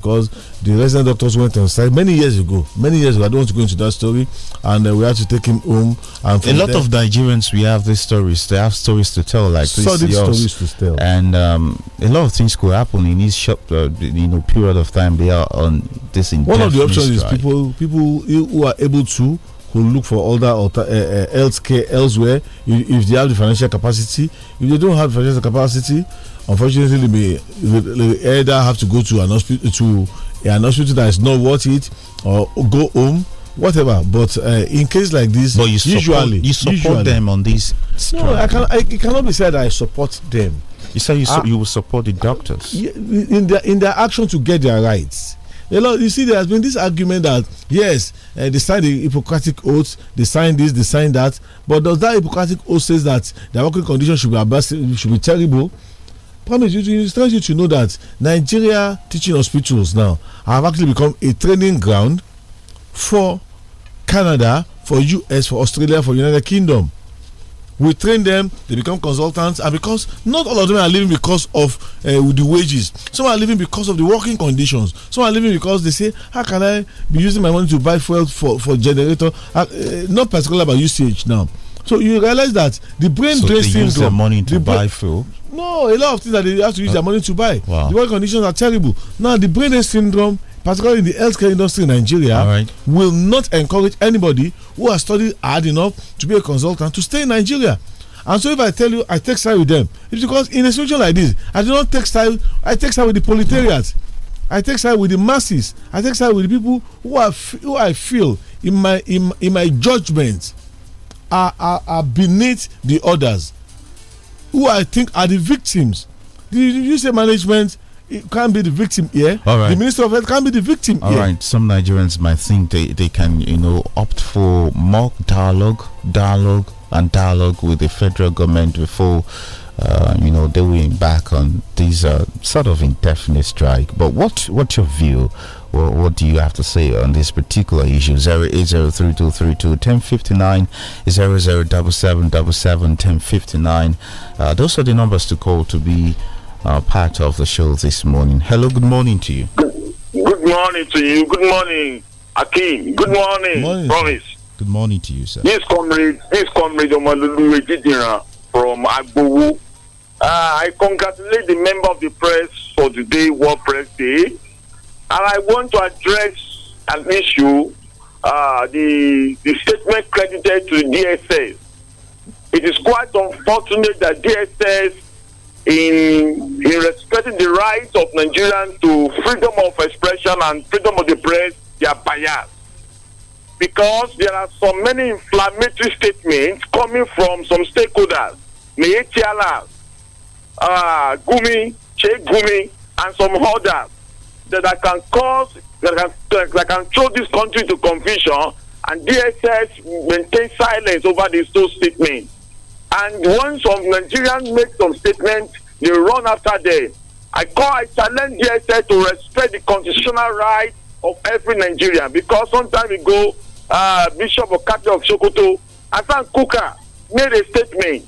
because the resident doctors went on strike many years ago. Many years ago, I don't want to go into that story, and uh, we had to take him home. And a lot of Nigerians, we have these stories. They have stories to tell, like solid stories to tell, and um, a lot of things could happen in this short, uh, you know, period of time. They are on this. One of the options strike. is people, people who are able to who look for other alter, uh, uh health care elsewhere if, if they have the financial capacity. If they don't have financial capacity unfortunately the, either have to go to an hospital to an hospital that is not worth it or go home whatever but uh, in case like this but you usually support, you support usually, them on this no i can I, it cannot be said i support them you say you, ah. you will support the doctors in their in their action to get their rights you know you see there has been this argument that yes uh, they signed the hippocratic oath they signed this they signed that but does that hippocratic oath says that their working conditions should be should be terrible promise you to stress you to know that Nigeria teaching hospitals now have actually become a training ground for Canada, for US, for Australia, for United Kingdom. We train them, they become consultants, and because not all of them are living because of uh, the wages. Some are living because of the working conditions. Some are living because they say, How can I be using my money to buy fuel for, for generator? Uh, uh not particularly about usage now so you realize that the brain so drain syndrome. use their money to the buy fuel. No, a lot of things that they have to use uh, their money to buy. Wow. The work conditions are terrible. Now the brain drain syndrome, particularly in the healthcare industry in Nigeria, right. will not encourage anybody who has studied hard enough to be a consultant to stay in Nigeria. And so if I tell you I take side with them, it's because in a situation like this, I do not take side. I take side with the proletariat. I take side with the masses. I take side with the people who are who I feel in my in, in my judgment are, are, are beneath the others who I think are the victims. The, you say management it can't be the victim here. All right. The Minister of Health can't be the victim All here. right. Some Nigerians might think they, they can, you know, opt for mock dialogue, dialogue, and dialogue with the federal government before. Uh, you know, they will embark on these uh, sort of indefinite strike. But what what's your view well, what do you have to say on this particular issue? Zero eight zero three two three two ten fifty nine zero zero double seven double seven ten fifty nine. Uh, those are the numbers to call to be uh, part of the show this morning. Hello, good morning to you. Good morning to you. Good morning, Akin. Good morning, morning. Promise. Good morning to you, sir. This comrade, this comrade from Abu, Uh, ah, I congratulate the member of the press for today, World Press Day. And I want to address an issue uh, the, the statement credited to DSS. It is quite unfortunate that DSS, in, in respecting the rights of Nigerians to freedom of expression and freedom of the press, they are biased. Because there are so many inflammatory statements coming from some stakeholders, Meyetiala, uh, Gumi, Che Gumi, and some others that, that can cause, that can, that can throw this country to confusion, and DSS maintain silence over these two statements. And once some Nigerians make some statements, they run after them. I call, I challenge DSS to respect the constitutional right of every Nigerian because some time ago, uh, Bishop Okate of Sokoto, Asan Kuka, made a statement.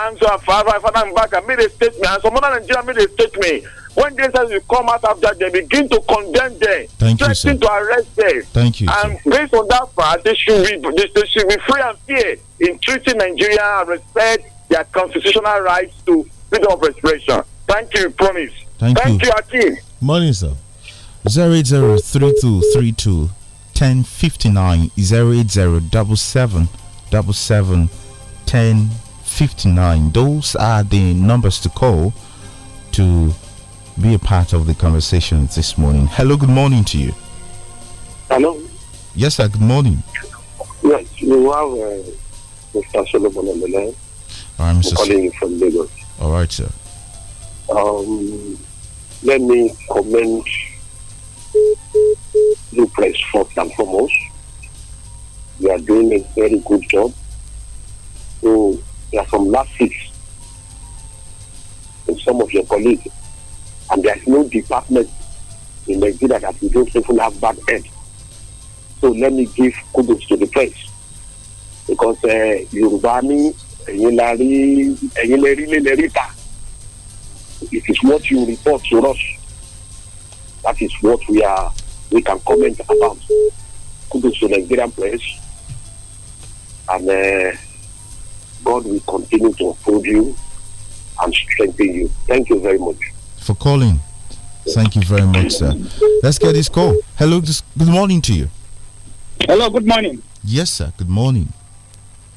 And so, Father, Father Mbaka made a statement. And some other Nigerian made a statement when these guys will come out after they begin to condemn them, Thank threaten to arrest them. Thank you. And sir. based on that fact, they should be they should be free and fair in treating Nigeria and respect their constitutional rights to freedom of expression. Thank you, promise. Thank, Thank you. Thank you, Akin. Morning, sir. 003232 Those are the numbers to call to be a part of the conversation this morning. Hello, good morning to you. Hello. Yes, sir, good morning. Yes, you have uh, Mr. Solomon on the line. All right, Mr. calling you from Lagos. All right, sir. Um, let me comment the press first and foremost. You are doing a very good job. So, you are from last And some of your colleagues and there's no department in Nigeria that we don't even have bad head. So let me give kudos to the press. Because uh, Yoruba ni ẹ̀yin la rí It is what you report to us. That is what we are we can comment about. Kudos to Nigerian press. And uh, God will continue to uphold you and strengthen you. Thank you very much for calling. Thank you very much, sir. Let's get this call. Hello, good morning to you. Hello, good morning. Yes, sir, good morning.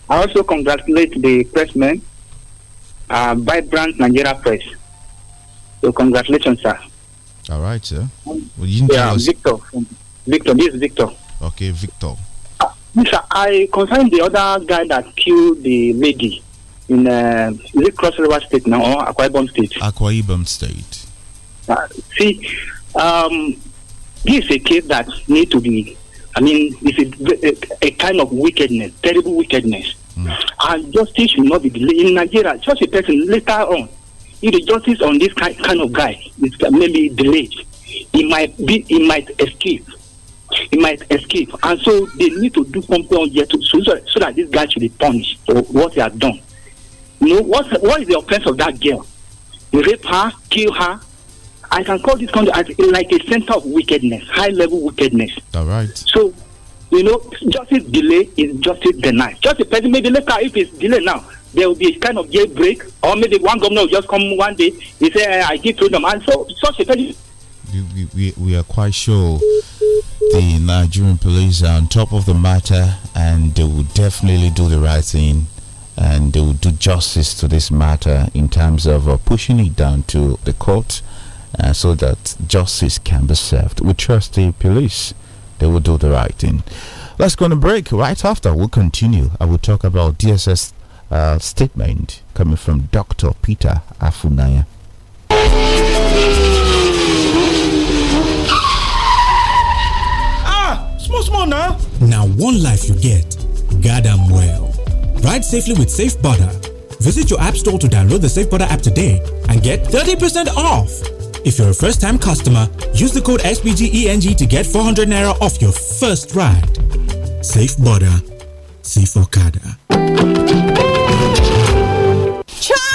I also congratulate the pressman, uh, Vibrant Nigeria Press. So, congratulations, sir. All right, sir. Well, yeah, Victor. Victor, this is Victor. Okay, Victor. Uh, sir, I concerned the other guy that killed the lady in uh, is it Cross River State now or Akwa Ibom State? Akwa Ibom State. Uh, see, um, this is a case that need to be. I mean, it's a, a, a kind of wickedness, terrible wickedness. Mm. And justice should not be delayed. In Nigeria, Just a person later on, if the justice on this kind, kind of guy is maybe delayed, he might be, he might escape he might escape. And so they need to do something on here to, so, so, that this guy should be punished for what he has done. You know, what, what is the offense of that girl? Rape her, kill her. I can call this country as, like a center of wickedness, high level wickedness. All right. So, you know, justice delay is justice denied. Just a person, maybe later, if it's delayed now, there will be a kind of jailbreak, or maybe one governor will just come one day, he say, I give freedom. And so, such a person. We, we, we are quite sure the Nigerian police are on top of the matter and they will definitely do the right thing and they will do justice to this matter in terms of uh, pushing it down to the court uh, so that justice can be served. We trust the police, they will do the right thing. Let's go on a break. Right after, we'll continue. I will talk about DSS uh, statement coming from Dr. Peter Afunaya. Ah, small, small now. Now, one life you get, God, well. Ride safely with Safe Visit your app store to download the Safe app today and get 30% off. If you're a first time customer, use the code SBGENG to get 400 Naira off your first ride. Safe Butter, Safe Okada. Child!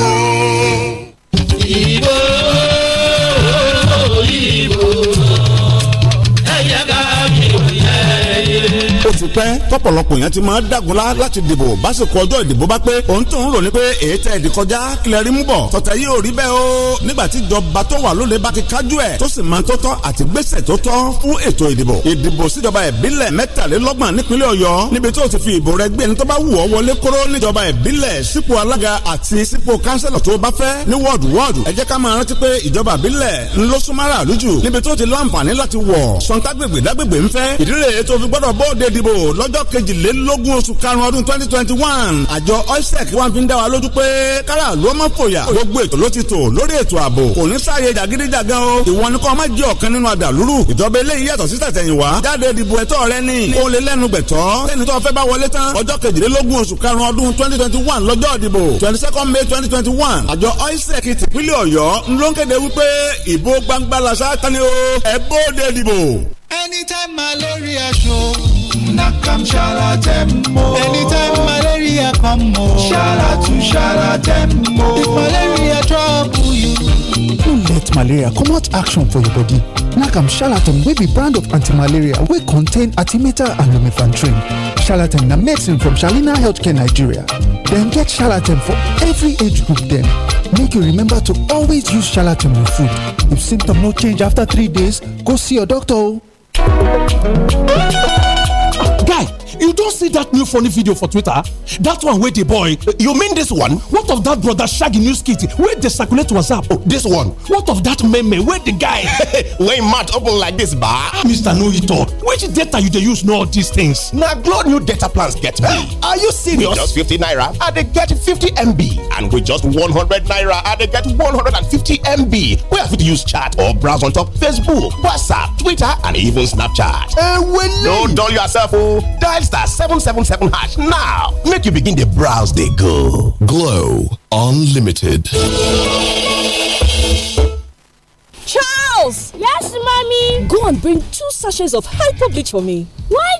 o. ìbò. ó ti pẹ́ tọ́pọ̀lọpọ̀ yẹn ti máa dàgúnlá láti dìbò básìkò ọjọ́ ìdìbò bá pé òun tó ń rò pé èyí tẹ̀ ẹ̀dì kọjá kílẹ̀rì mú bọ̀ tọ̀tẹ̀ yìí ò rí bẹ́ẹ̀ o nígbà tí ìjọba tó wà lóde bá ti kájú ẹ̀ tó sì máa tó àti gbèsè tó tọ́ fún ètò ìdìbò ìdìbò síjọba ìbílẹ̀ mẹ́tàlélọ́gbọ̀n nípínlẹ̀ ọ̀yọ́ níbi tó ti fi ìbò rẹ gbé ní tó bá wù ọ́ wọlé kóró níjọba ìbílẹ̀ sípò alága àti sípò kánsẹ́lọ̀ tó bá fẹ́ ní wọ́ọ̀dù wọ́ọ̀dù ẹ jẹ́ ká máa rántí pé ìjọba ìbílẹ̀ ńlọ́sùmárà lójú níbi tó ti láǹfààní láti wọ̀ sọ̀ńtàgbègbè dágbègbè ńfẹ́ ìdílé tó ìdìbò lọ́jọ́ kejìlélógún oṣù karùn-ún ọdún twenty twenty one àjọ oisec wá fi ń dá wa lójú pé kára ló má fòyà gbogbo ètò ló ti tò lórí ètò ààbò kò ní sáàyè jàgídíjàgan o ìwọ ni kò má jẹ́ ọ̀kan nínú àdàlúrù ìjọba eléyìí yàtọ̀ sí tẹ̀tẹ̀yìnwá jáde ìdìbò ẹ̀tọ́ rẹ ni kó lè lẹ́nu gbẹ̀tọ́ sẹ́ni tó fẹ́ bá wọlé tán ọjọ́ kejìlélógún may twenty Anytime malaria show, nakam shala tempo. Anytime malaria come, shala to shala tempo. If malaria trouble you, don't let malaria come out. action for your body. Nakam Charlatan will be brand of anti-malaria will contain Artimata and lumefantrine. Charlatan na medicine from Shalina Healthcare Nigeria. Then get Charlatan for every age group then. Make you remember to always use Charlatan with food. If symptoms no change after three days, go see your doctor. Música you don't see that new funny video for twitter that one with the boy you mean this one what of that brother shaggy news kit Where dey circulate whatsapp oh this one what of that meme Where the guy Where mouth open like this ba. mr noito which data you dey use know all these things. Now, glo new data plans get me. are you serious. with just fifty naira i they get fifty mb and with just one hundred naira i they get one hundred and fifty mb Where i you use chat or browse on top facebook whatsapp twitter and even snapchat. Don't dull yourself o oh. dial star 777 hash now make you begin the browse they go. Glow Unlimited. Charles! Yes, mommy? Go and bring two sachets of hyper bleach for me. Why?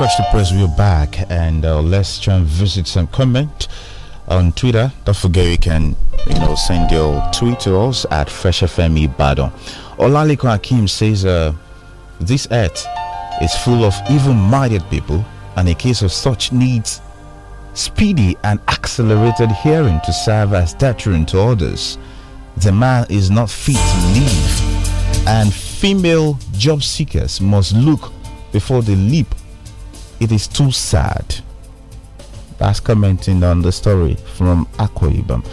Fresh to Press, we're back, and uh, let's try and visit some comment on Twitter. Don't forget you can, you know, send your tweet to us at Fresh FM Ibadan. Olaliko Akim says, uh, "This earth is full of evil-minded people, and in case of such needs, speedy and accelerated hearing to serve as deterrent to others. The man is not fit to live, and female job seekers must look." Before they leap it is too sad. That's commenting on the story from Akoibam.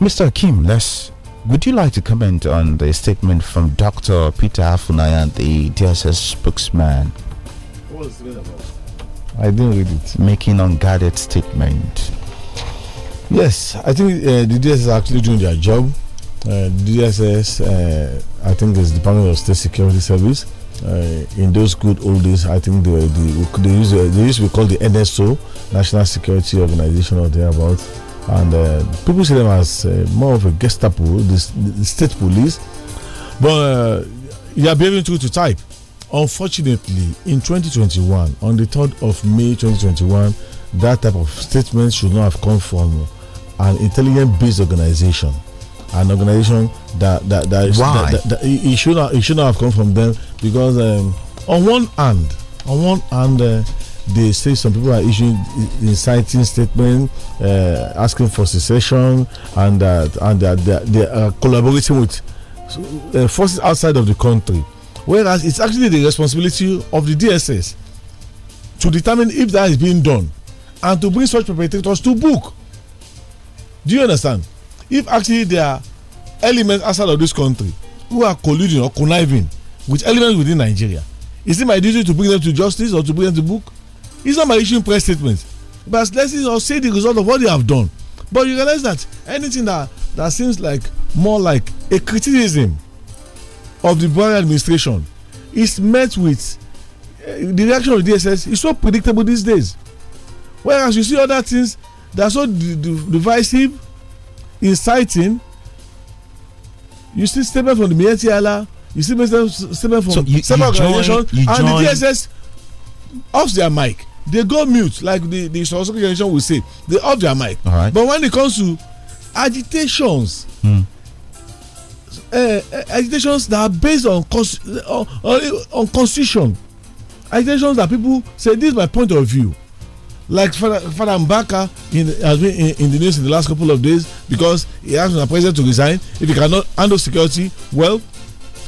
Mr. Kim, let's would you like to comment on the statement from Dr. Peter Afunayan, the DSS spokesman? it about? I didn't read it. Making unguarded statement. Yes, I think uh, the DSS is actually doing their job. Uh, DSS, uh, I think, is Department of State Security Service. Uh, in those good old days, I think they were the, they used, they used to be called the NSO, National Security Organization or thereabout. And uh, people see them as uh, more of a Gestapo, the, the state police. But uh, you are behaving true to type. Unfortunately, in 2021, on the 3rd of May 2021, that type of statement should not have come from an intelligent based organization an organization that that that, is, Why? that, that, that it, it should not it should not have come from them because um, on one hand on one hand uh, they say some people are issuing inciting statements uh, asking for secession and that and that they, they are collaborating with uh, forces outside of the country whereas it's actually the responsibility of the dss to determine if that is being done and to bring such perpetrators to book do you understand if actually there are elements outside of this country who are colluding or conniving with elements within nigeria is it my duty to bring them to justice or to bring them to book it's not my issue in press statements but let's or say the result of what they have done but you realize that anything that that seems like more like a criticism of the Buhari administration is met with eh, the reaction of the DSS is so predictable these days whereas you see other things that are so divisive inciting you see statements from the media, you see statements from so you, several organizations and join. the DSS off their mic. They go mute like the the Sosoko generation will say. They off their mic. But when it comes to agitations, uh, agitations that are based on on, on, on constitution, agitations that people say this is my point of view like Father Mbaka in has been in, in, the news in the last couple of days because he asked the president to resign if he cannot handle security well.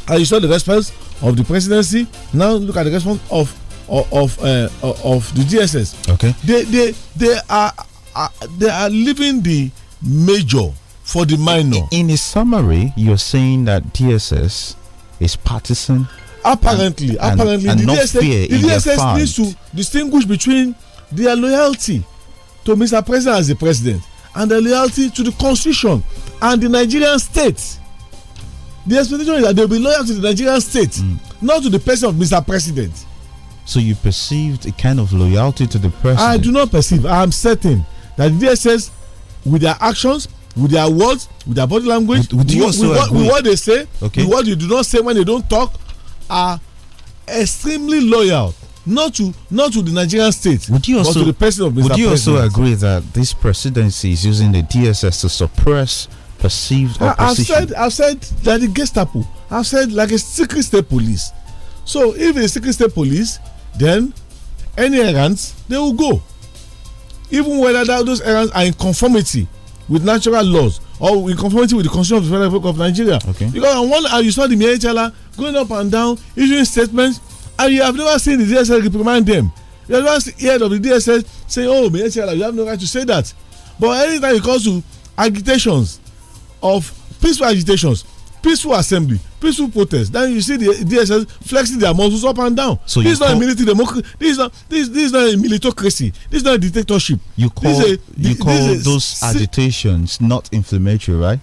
And you saw the response of the presidency. Now look at the response of of of, uh, of the DSS. Okay. They they they are uh, they are leaving the major for the minor. In, a summary, you're saying that DSS is partisan. Apparently, and, apparently, and, and the DSS, the DSS needs to distinguish between their loyalty to Mr. President as the president and their loyalty to the constitution and the Nigerian state. The expectation is that they will be loyal to the Nigerian state, mm. not to the person of Mr. President. So you perceived a kind of loyalty to the president? I do not perceive. I am certain that DSS, with their actions, with their words, with their body language, with, with, with, what, with what, they say, okay. with what you do not say when they don't talk, are extremely loyal not to not to the Nigerian state, would you also, but to the person of Mr. Would you President. also agree that this presidency is using the DSS to suppress perceived opposition? I've said I've said that the Gestapo. I've said like a secret state police. So if it's secret state police, then any errands they will go, even whether that, those errands are in conformity with natural laws or in conformity with the constitution of the Federal Republic of Nigeria. Okay. Because on one you saw the Miaitala going up and down issuing statements and you have never seen the DSS reprimand them you have never heard of the DSS say, oh Mr. you have no right to say that but anytime it comes to agitations of peaceful agitations peaceful assembly peaceful protest then you see the dss flexing their muscles up and down. so this is not a military democracy this is not this, this is not a militocracy this is not a dictatorship. you call a, you call those agitations not inflammatory right.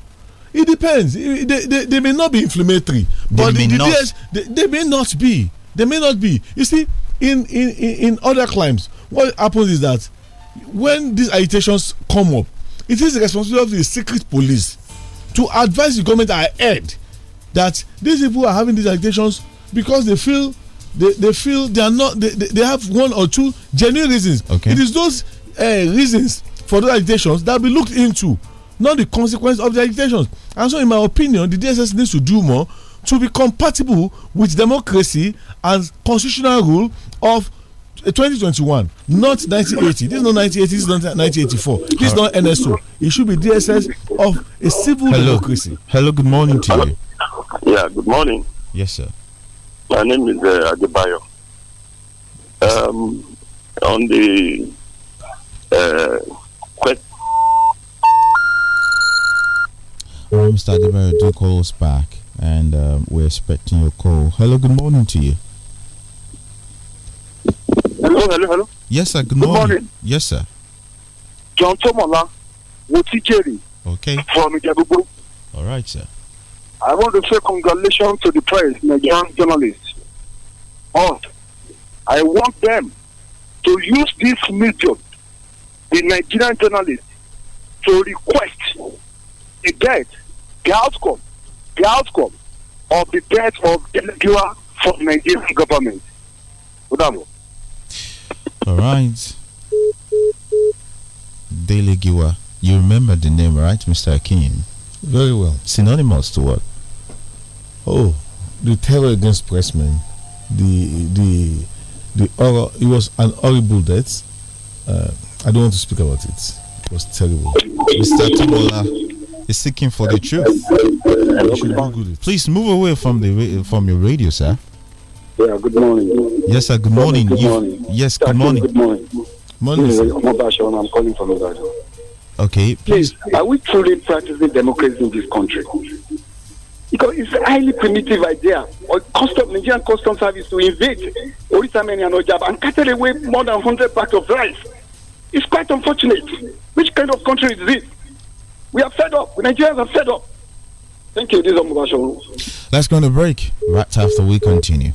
it depends they, they, they may not be inflammatory. but the, the, DS, they, they may not be they may not be. You see, in in in other climes, what happens is that when these agitations come up, it is the responsibility of the secret police to advise the government ahead that these people are having these agitations because they feel they, they feel they are not they, they have one or two genuine reasons. Okay. It is those uh, reasons for those agitations that will be looked into, not the consequence of the agitations. And so, in my opinion, the DSS needs to do more to be compatible with democracy and constitutional rule of eh, 2021 not 1980 this is not 1980 this is not 1984 this is not nso it should be dss of a civil hello. democracy hello good morning to you yeah good morning yes sir my name is uh, adebayo um, on the uh, quest Mr. Adebayo, do call us back and uh, we're expecting your call. Hello, good morning to you. Hello, hello, hello. Yes, sir. Good, good morning. morning. Yes, sir. John Tomola, Woti Jerry. Okay. From Ijabubu. All right, sir. I want to say congratulations to the press, Nigerian journalists. Oh, I want them to use this medium, the Nigerian journalists, to request a get the outcome the outcome of the death of Delegua for Nigerian government. Udamo. All right. Dele Giwa. You remember the name, right, Mr. Akin? Very well. Synonymous to what? Oh, the terror against pressmen. The the the horror. It was an horrible death. Uh, I don't want to speak about it. It was terrible. Mr. Tumola is seeking for the truth. Please move away from the from your radio, sir. Yeah, good morning. Yes, sir. Good morning. Good morning. You, yes, good morning. Good morning. Morning. Sir. I'm calling from Ogajo. Okay. Please. please, are we truly practicing democracy in this country? Because it's a highly primitive idea. Or custom, Nigerian Customs Service to invade Orisameni and Ojab and cut away more than 100 bags of rice. It's quite unfortunate. Which kind of country is this? We are fed up. Nigerians are fed up. Thank you. This is Omubasho. Let's go on a break. Right after we continue.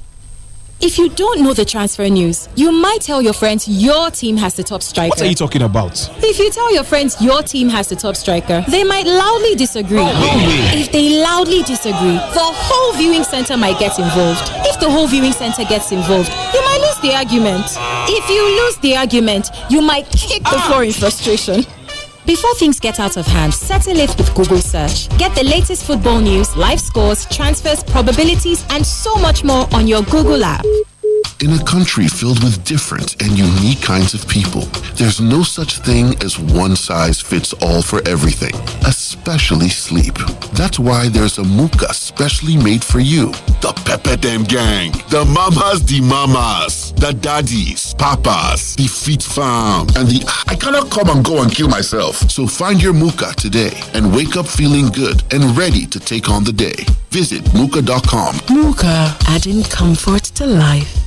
If you don't know the transfer news, you might tell your friends your team has the top striker. What are you talking about? If you tell your friends your team has the top striker, they might loudly disagree. Oh, If they loudly disagree, the whole viewing center might get involved. If the whole viewing center gets involved, you might lose the argument. If you lose the argument, you might kick the ah. floor in frustration. Before things get out of hand, settle it with Google search. Get the latest football news, live scores, transfers, probabilities, and so much more on your Google app. In a country filled with different and unique kinds of people, there's no such thing as one size fits all for everything, especially sleep. That's why there's a mooka specially made for you. The Pepe Dem Gang, the Mamas the Mamas, the Daddies, Papas, the Feet Farm, and the I cannot come and go and kill myself. So find your mooka today and wake up feeling good and ready to take on the day. Visit mooka.com. Mooka, adding comfort to life.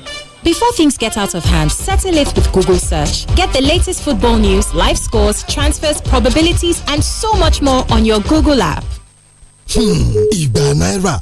Before things get out of hand, settle it with Google search. Get the latest football news, live scores, transfers, probabilities, and so much more on your Google app. Hmm, ìgbà náírà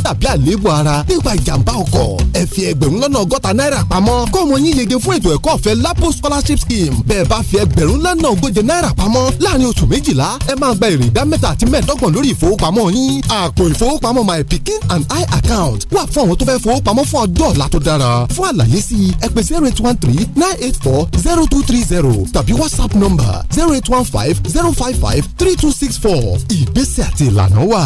àìsí tàbí àléébù ara nípa ìjàmbá ọkọ̀ ẹ fi ẹgbẹ̀rún lọ́nà ọgọ́ta náírà pamọ́ kọ́mọ yín yege fún ètò ẹ̀kọ́ ọ̀fẹ́ lapo scholarship scheme bẹ́ẹ̀ bá fi ẹgbẹ̀rún lọ́nà ogóje náírà pamọ́ láàrin oṣù méjìlá ẹ máa gba èrè ìdá mẹ́ta àti mẹ́ẹ̀ẹ́dọ́gbọ̀n lórí ìfowópamọ́ yín àpò ìfowópamọ́ my pikin and i account wà fún àwọn tó fẹ́ fowópamọ́ fún ọjọ́ ọ̀la tó dára fún àlàyé sí ẹ pè zero eight one three nine eight four zero two three zero tàbí whatsapp number zero eight one five zero five five three two six four ìgbésẹ̀ àti ìlànà wà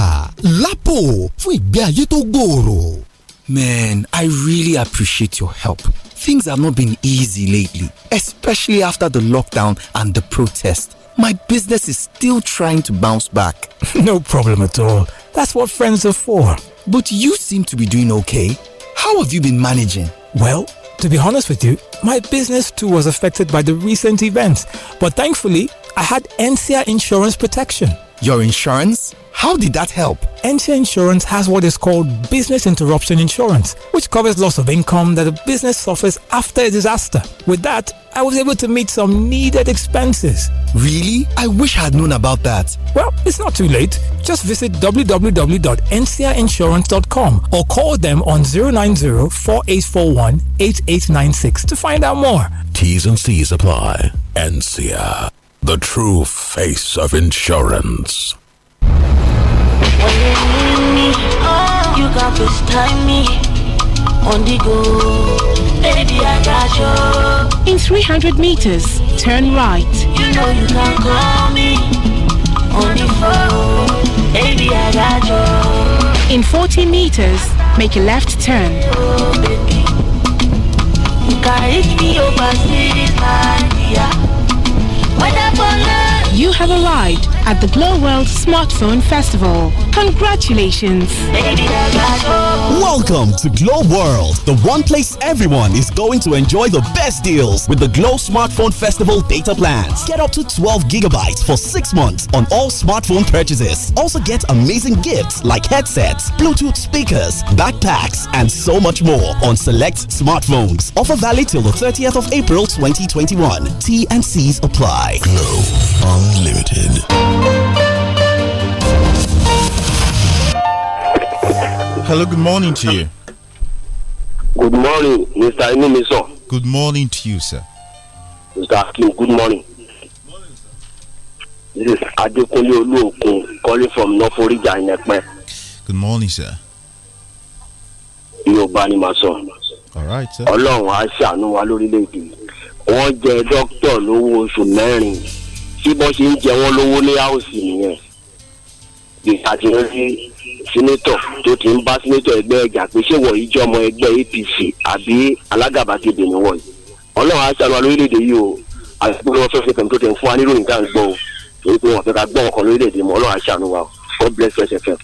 lápò fún ìgbé ayé ojú tó gbòòrò. Man, I really appreciate your help. Things have not been easy lately, especially after the lockdown and the protest. My business is still trying to bounce back. no problem at all. That's what friends are for. But you seem to be doing okay. How have you been managing? Well, to be honest with you, my business too was affected by the recent events. But thankfully, I had NCR insurance protection. Your insurance? How did that help? NC Insurance has what is called business interruption insurance, which covers loss of income that a business suffers after a disaster. With that, I was able to meet some needed expenses. Really? I wish I had known about that. Well, it's not too late. Just visit www.ncrinsurance.com or call them on 090-4841-8896 to find out more. T's and C's apply. NCR, the true face of insurance. When you need me, oh, you can FaceTime me on the go. Baby, I got you. In 300 meters, turn right. You know you can call me on the phone. Baby, I got you. In 40 meters, make a left turn. Oh, you have arrived at the Glow World Smartphone Festival. Congratulations! Welcome to Glow World, the one place everyone is going to enjoy the best deals with the Glow Smartphone Festival data plans. Get up to 12 gigabytes for six months on all smartphone purchases. Also get amazing gifts like headsets, Bluetooth speakers, backpacks, and so much more on select smartphones. Offer valid till the 30th of April 2021. T and C's apply. Glow Unlimited. Hello, good morning to you. Good morning, Mr. Inumiso. Good morning to you, sir. Mr. Akin, good morning. This is Adekunle Oluokun calling from Norforija in Ekpe. Good morning, sir. Yorùbá ni màá sọ. All right, sir. Ọlọ́run á ṣàánú wa lórílẹ̀‐èdè. Wọ́n jẹ dókítà lówó oṣù mẹ́rin. Tí bọ́n ṣe ń jẹ wọ́n lówó ní áùsì nìyẹn. Ìgbà tí ó rí tó ti ń bá ẹgbẹ́ ẹ̀jà pé ṣé ọmọ ẹgbẹ́ APC àbí ni wọ̀nyí ọlọ́run lórílẹ̀‐èdè yìí o wọn tó tẹ̀ ń fún wa gbọ́ o torí pé wọn fẹ́ ká gbọ́ ọkàn lórílẹ̀‐èdè mọ́ ọlọ́run aṣáájú wa o God bless fm.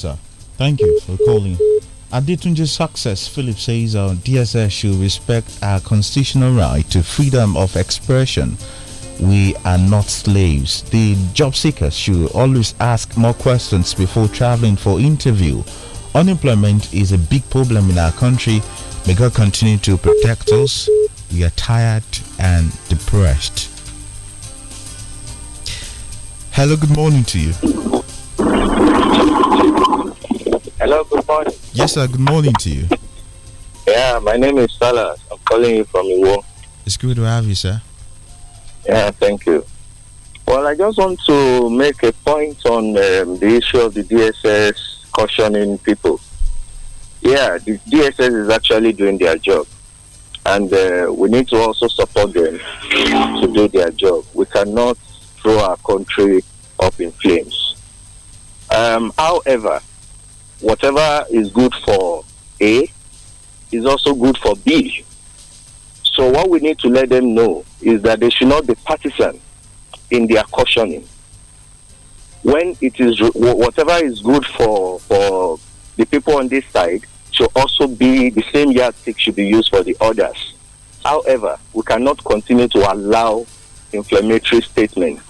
sir thank you for calling. Adetunji Success Philip says our DSS should respect our constitutional right to freedom of expression we are not slaves. The job seekers should always ask more questions before traveling for interview. Unemployment is a big problem in our country. May God continue to protect us. We are tired and depressed. Hello, good morning to you. Hello, good morning. Yes, sir, good morning to you. Yeah, my name is Salas. I'm calling you from Iwo. It's good to have you, sir. Yeah, thank you. Well, I just want to make a point on um, the issue of the DSS cautioning people. Yeah, the DSS is actually doing their job, and uh, we need to also support them to do their job. We cannot throw our country up in flames. Um, however, whatever is good for A is also good for B. So what we need to let them know is that they should not be partisan in their cautioning. When it is whatever is good for for the people on this side should also be the same yardstick should be used for the others. However, we cannot continue to allow inflammatory statements.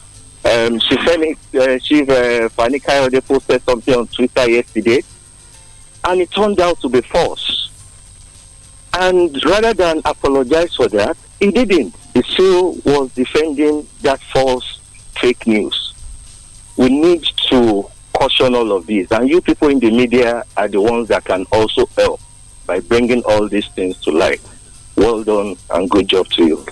Um, she uh, Chief uh, Fanny Kayode posted something on Twitter yesterday, and it turned out to be false. And rather than apologize for that, he didn't. He still was defending that false fake news. We need to caution all of this. And you people in the media are the ones that can also help by bringing all these things to light. Well done and good job to you.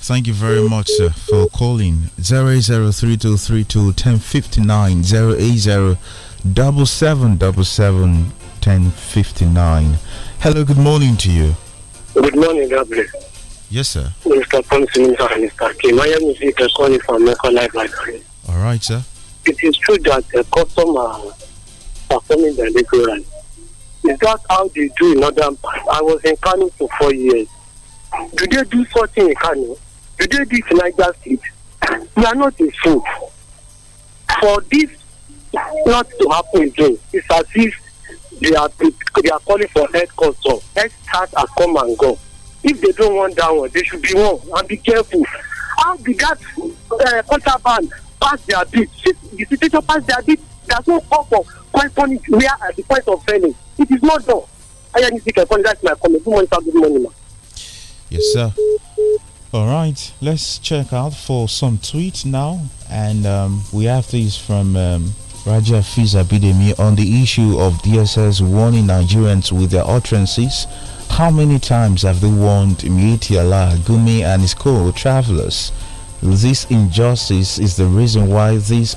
Thank you very much sir, uh, for calling. 0803232 080 1059. Hello, good morning to you. Good morning, Gabriel. Yes, sir. Mr. Ponsi, Mr. Kim. I am Mr. calling from American Life Library. All right, sir. It is true that the customer performing the legal right. Is that how they do in other I was in Kano for four years. Do they do something in Kano? Do they do in Niger State? We are not a fool. For this not to happen again, it's as if they are they are calling for head Head experts are come and go if they don't want that one they should be one and be careful how the gas uh, contraband pass their bid the situation pass their bid there is no call for questioning where at the point of failing it is not done ayanisi kekoni that is my comment good morning sir good morning ma. yes sir. All right, let's check out for some tweets now, and um, we have these from um, Raja Fiza Bidemi on the issue of DSS warning Nigerians with their utterances. How many times have they warned Muitiala, Gumi, and his co travelers? This injustice is the reason why these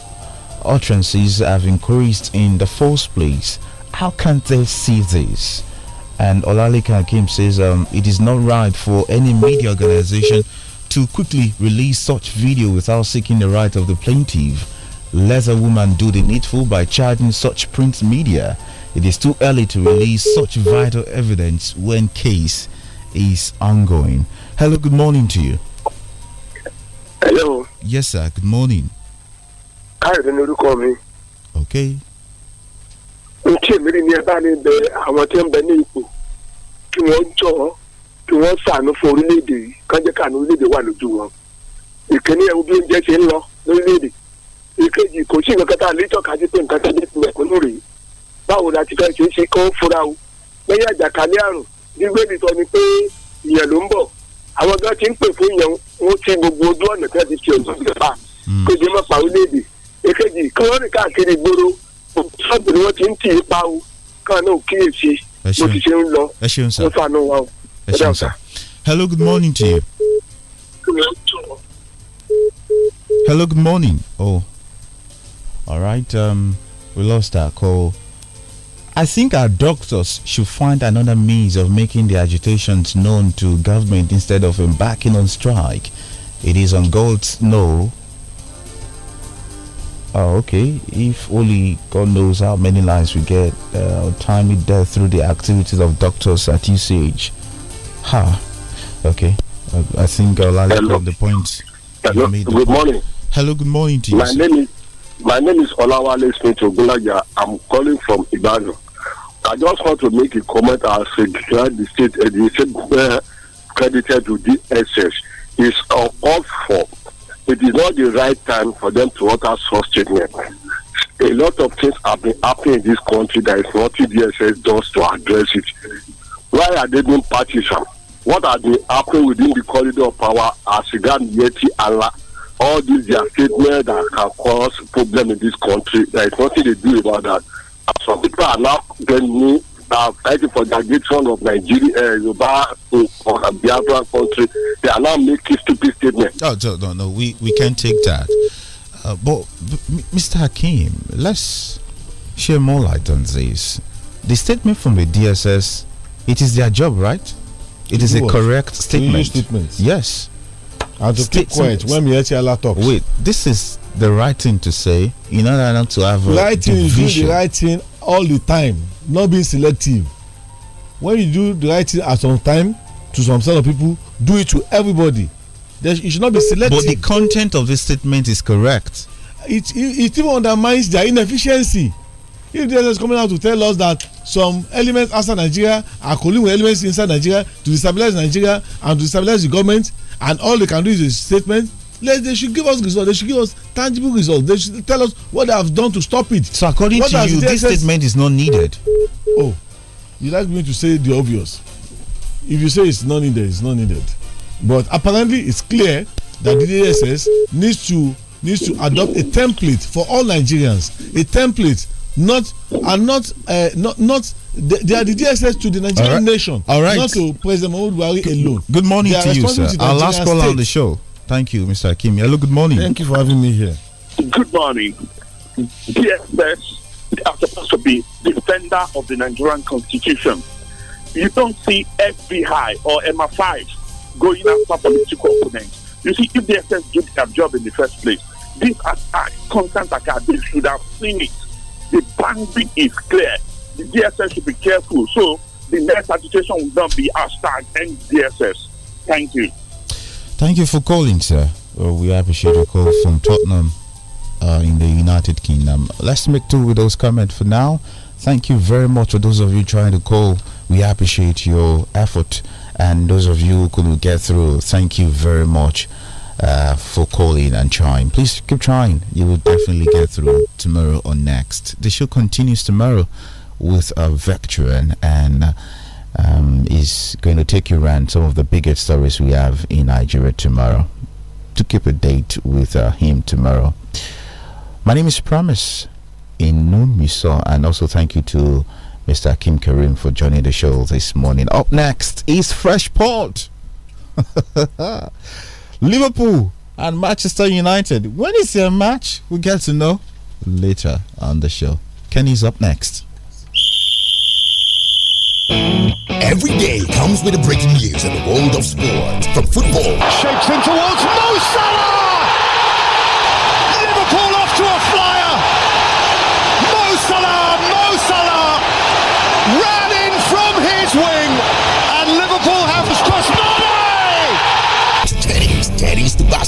utterances have increased in the first place. How can they see this? And Olalika Kim says um, it is not right for any media organization to quickly release such video without seeking the right of the plaintiff let a woman do the needful by charging such print media. It is too early to release such vital evidence when case is ongoing. Hello, good morning to you. Hello. Yes, sir. Good morning. I don't call me. Okay. ntí èmi rí ni ẹ bá ní bẹ àwọn tí ń bẹ ní ipò kí wọ́n jọ kí wọ́n ṣàánú fún orílẹ̀-èdè yìí kán jẹ́ káàánú orílẹ̀-èdè wà lójú wọn ìkíní ẹ̀ wo bí oúnjẹ ṣe ń lọ ìkejì kò sí nǹkan tá a lè tọ́ka sí pé nǹkan tẹ́lẹ̀ tilẹ̀ kó lóore báwo la ti fẹ́ ṣe é ṣe kó fura o lẹ́yìn àjàkálẹ̀ àrùn bíbélì sọ ni pé ìyẹn ló ń bọ̀ àwọn gan ti ń pè fún ìyẹn wọn ti gbogbo ojú ọ̀nà tí wọ́n ti fi ọ̀dọ́ ìjọba hmm. kéde mọ́ pa orílẹ̀-èdè èkejì kí wọ́n rìn káàkiri ìgboro ṣọ́ọ̀bù ni wọ́n ti ń tì í pa o káwọn náà kíyèsí bó ti ṣe ń lọ ó fàánù wa o. ẹ ṣeun sir hello good morning to you. hello good morning. Oh. All right, um, we lost our call. I think our doctors should find another means of making the agitations known to government instead of embarking on strike. It is on God's no. Oh, okay. If only God knows how many lives we get, uh, timely death through the activities of doctors at UCH. Ha. Huh. Okay. I, I think I'll call the point. Hello. Good point. morning. Hello, good morning to you. My sir. name is my name is Olawale Smith Ogulaja. I'm calling from Ibadan. I just want to make a comment as the state education state uh, credited to DSS is uncalled for. It is not the right time for them to utter such statement. A lot of things have been happening in this country that is not DSS does to address it. Why are they being partisan? What are they happening within the corridor of power as Yeti Allah? all these their statements that can cause problem in this country. There is nothing they do about that. Some people are now getting me are fighting for the aggression of Nigeria, uh, Yoruba, or the Biafra country. They are now making stupid statements. No, no, no, no. We we can take that. Uh, but Mr. Hakim, let's share more light on this. The statement from the DSS, it is their job, right? It is a correct statement. statement. Yes and to keep quiet when Mietiala talks. Wait, this is the right thing to say in order not to have a thing you the right thing all the time not being selective when you do the right thing at some time to some set of people do it to everybody then you should not be selective. but the content of this statement is correct. it it, it even undermines their inefficiency if they are coming out to tell us that some elements outside nigeria are colluding with elements inside nigeria to destabilize nigeria and to destabilize the government and all they can do is a statement let they should give us results they should give us tangible results they should tell us what they have done to stop it. so according what to you this statement is not needed. oh you like me to say the obvious if you say it's not needed it's not needed but apparently it's clear that the dss needs to needs to adopt a template for all nigerians a template not and not uh, not not they, are the DSS to the Nigerian All right. nation. All right. Not to President Mahmoud Buhari alone. Good morning to you, sir. To Our last call on the show. Thank you, Mr. Akim. Hello, good morning. Thank you for having me here. Good morning. DSS are supposed to be defender of the Nigerian constitution. You don't see FBI or MI5 going after political opponents. You see, if DSS did their job in the first place, this attack, constant attack, they should have seen it. The bandit is clear the DSS should be careful. So the next agitation will not be hashtag DSS. Thank you. Thank you for calling, sir. Well, we appreciate your call from Tottenham uh, in the United Kingdom. Let's make do with those comments for now. Thank you very much for those of you trying to call. We appreciate your effort. And those of you who couldn't get through, thank you very much uh, for calling and trying. Please keep trying. You will definitely get through tomorrow or next. The show continues tomorrow with a veteran and um, is going to take you around some of the biggest stories we have in Nigeria tomorrow. To keep a date with uh, him tomorrow. My name is Promise Inumiso, and also thank you to Mr. Kim Karim for joining the show this morning. Up next is Freshport. Liverpool and Manchester United. When is their match? We'll get to know later on the show. Kenny's up next. Every day comes with a breaking news in the world of sports. From football, shapes in towards Mosa!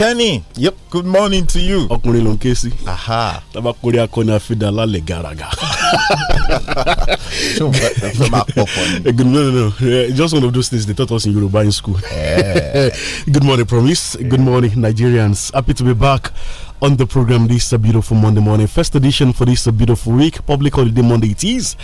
Kenny. Yep. Good morning to you. Ọkùnrin ló ń ké sí. Tábà kórè akọni àfidà lálẹ́ gàràgà. fẹ́ máa pọ̀ pọ̀ ni? Eh, good morning. No, no. Eh, just one of those things they taught us in Yoruba in school. Eh. Good morning, promise. Good morning, Nigerians. Happy to be back on the program this a beautiful Monday morning. First edition for this a beautiful week, public holiday Monday it is.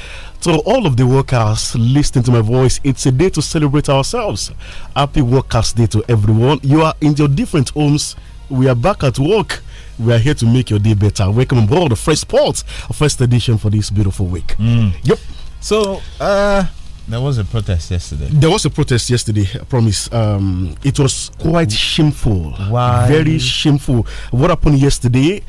To all of the workers listening to my voice, it's a day to celebrate ourselves. Happy Workers' Day to everyone. You are in your different homes. We are back at work. We are here to make your day better. Welcome aboard the Fresh Sports, first edition for this beautiful week. Mm. Yep. So, uh, there was a protest yesterday. There was a protest yesterday, I promise. Um, it was quite shameful. Why? Very shameful. What happened yesterday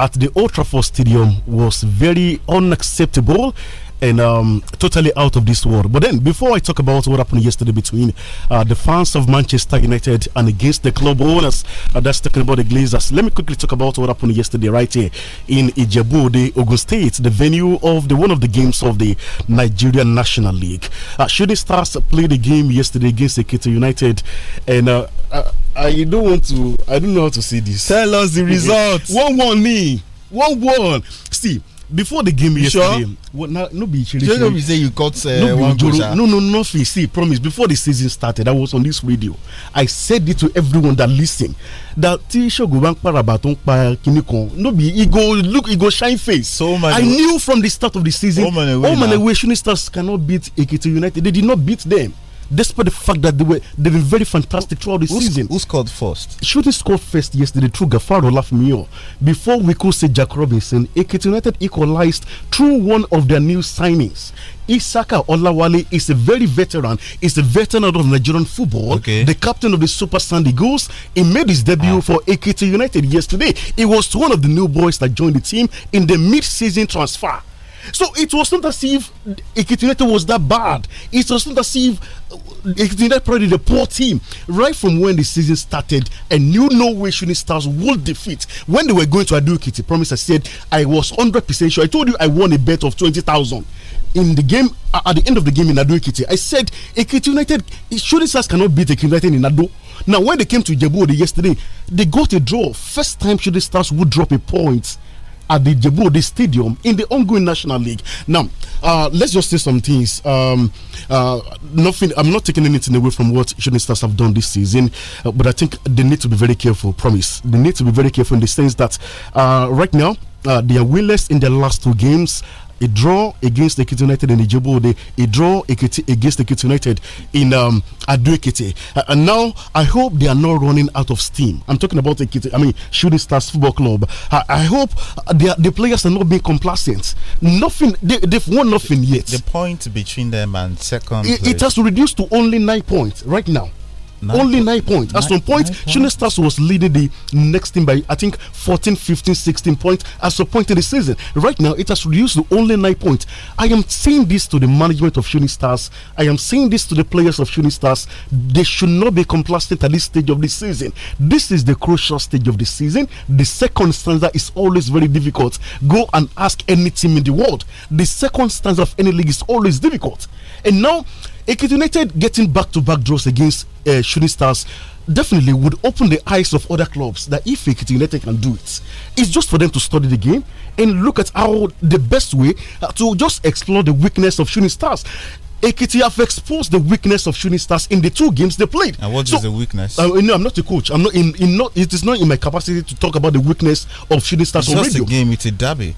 at the Old Trafford Stadium was very unacceptable and um, totally out of this world. But then, before I talk about what happened yesterday between uh, the fans of Manchester United and against the club owners, uh, that's talking about the Glazers, let me quickly talk about what happened yesterday right here in Ijebu, the Ogun State, the venue of the one of the games of the Nigerian National League. Uh, Shooting Stars played a game yesterday against Ekiti United, and uh, uh, I don't want to. I don't know how to say this. Tell us the results. one one me. One one. See before the game you yesterday sure? well, nah, no be Ichiri sure, uh, no be say you caught uh, no one goal no no nothing see promise before the season started I was on this radio I said it to everyone that listen that tí Ṣẹ́gun bá ń pa ràbà tó ń pa kinní kan no be he go look he go shine face so I knew from the start of the season Omanewe oh, oh, shooting stars cannot beat Ekiti United they did not beat them despite the fact that they were they've been very fantastic throughout the season. Who scored first? Shooting scored first yesterday through Gafaro Lafmio. Before we could say Jack Robinson, Ekiti United equalized through one of their new signings. Isaka Olawale is a very veteran. He's a veteran out of Nigerian football. Okay. The captain of the Super Sandy Eagles. He made his debut ah. for Ekiti United yesterday. He was one of the new boys that joined the team in the mid-season transfer. So it was not as if Ekiti was that bad. It was not as if uh, Ekiti probably the poor team. Right from when the season started, a new Norway Shooting Stars would defeat. When they were going to Adu Ekiti, promise I said I was 100% sure. I told you I won a bet of 20,000 in the game uh, at the end of the game in Ado I said Ekiti United Shooting Stars cannot beat Ekiti United in Ado. Now when they came to Jebu yesterday, they got a draw. First time Shooting Stars would drop a point at the Djibouti Stadium in the ongoing National League. Now, uh, let's just say some things. Um, uh, nothing. I'm not taking anything away from what shooting stars have done this season, uh, but I think they need to be very careful. Promise. They need to be very careful in the sense that uh, right now. Uh, they are winless in their last two games a draw against Ekiti United in Ijebode, a draw against Ekiti United in um, Uh, and now I hope they are not running out of steam. I'm talking about Ekiti, I mean, Shooting Stars Football Club. I, uh, I hope uh, they are, the players are not being complacent. Nothing, they, have won nothing yet. The point between them and second. It, it has reduced to only nine points right now nine only nine points. At some point, Shooting Stars was leading the next team by, I think, 14, 15, 16 points at some point in the season. Right now, it has reduced to only nine points. I am saying this to the management of Shooting Stars. I am saying this to the players of Shooting Stars. They should not be complacent at this stage of the season. This is the crucial stage of the season. The second stanza is always very difficult. Go and ask any team in the world. The second stanza of any league is always difficult. And now, Ekiti United getting back to back draws against uh, Shooting Stars definitely would open the eyes of other clubs that if Ekiti United can do it, it's just for them to study the game and look at how the best way uh, to just explore the weakness of Shooting Stars. Ekiti have exposed the weakness of Shooting Stars in the two games they played. And what so, is the weakness? Uh, no, I'm not a coach. I'm not in, in not. It is not in my capacity to talk about the weakness of Shooting Stars. It's just radio. a game. It's a derby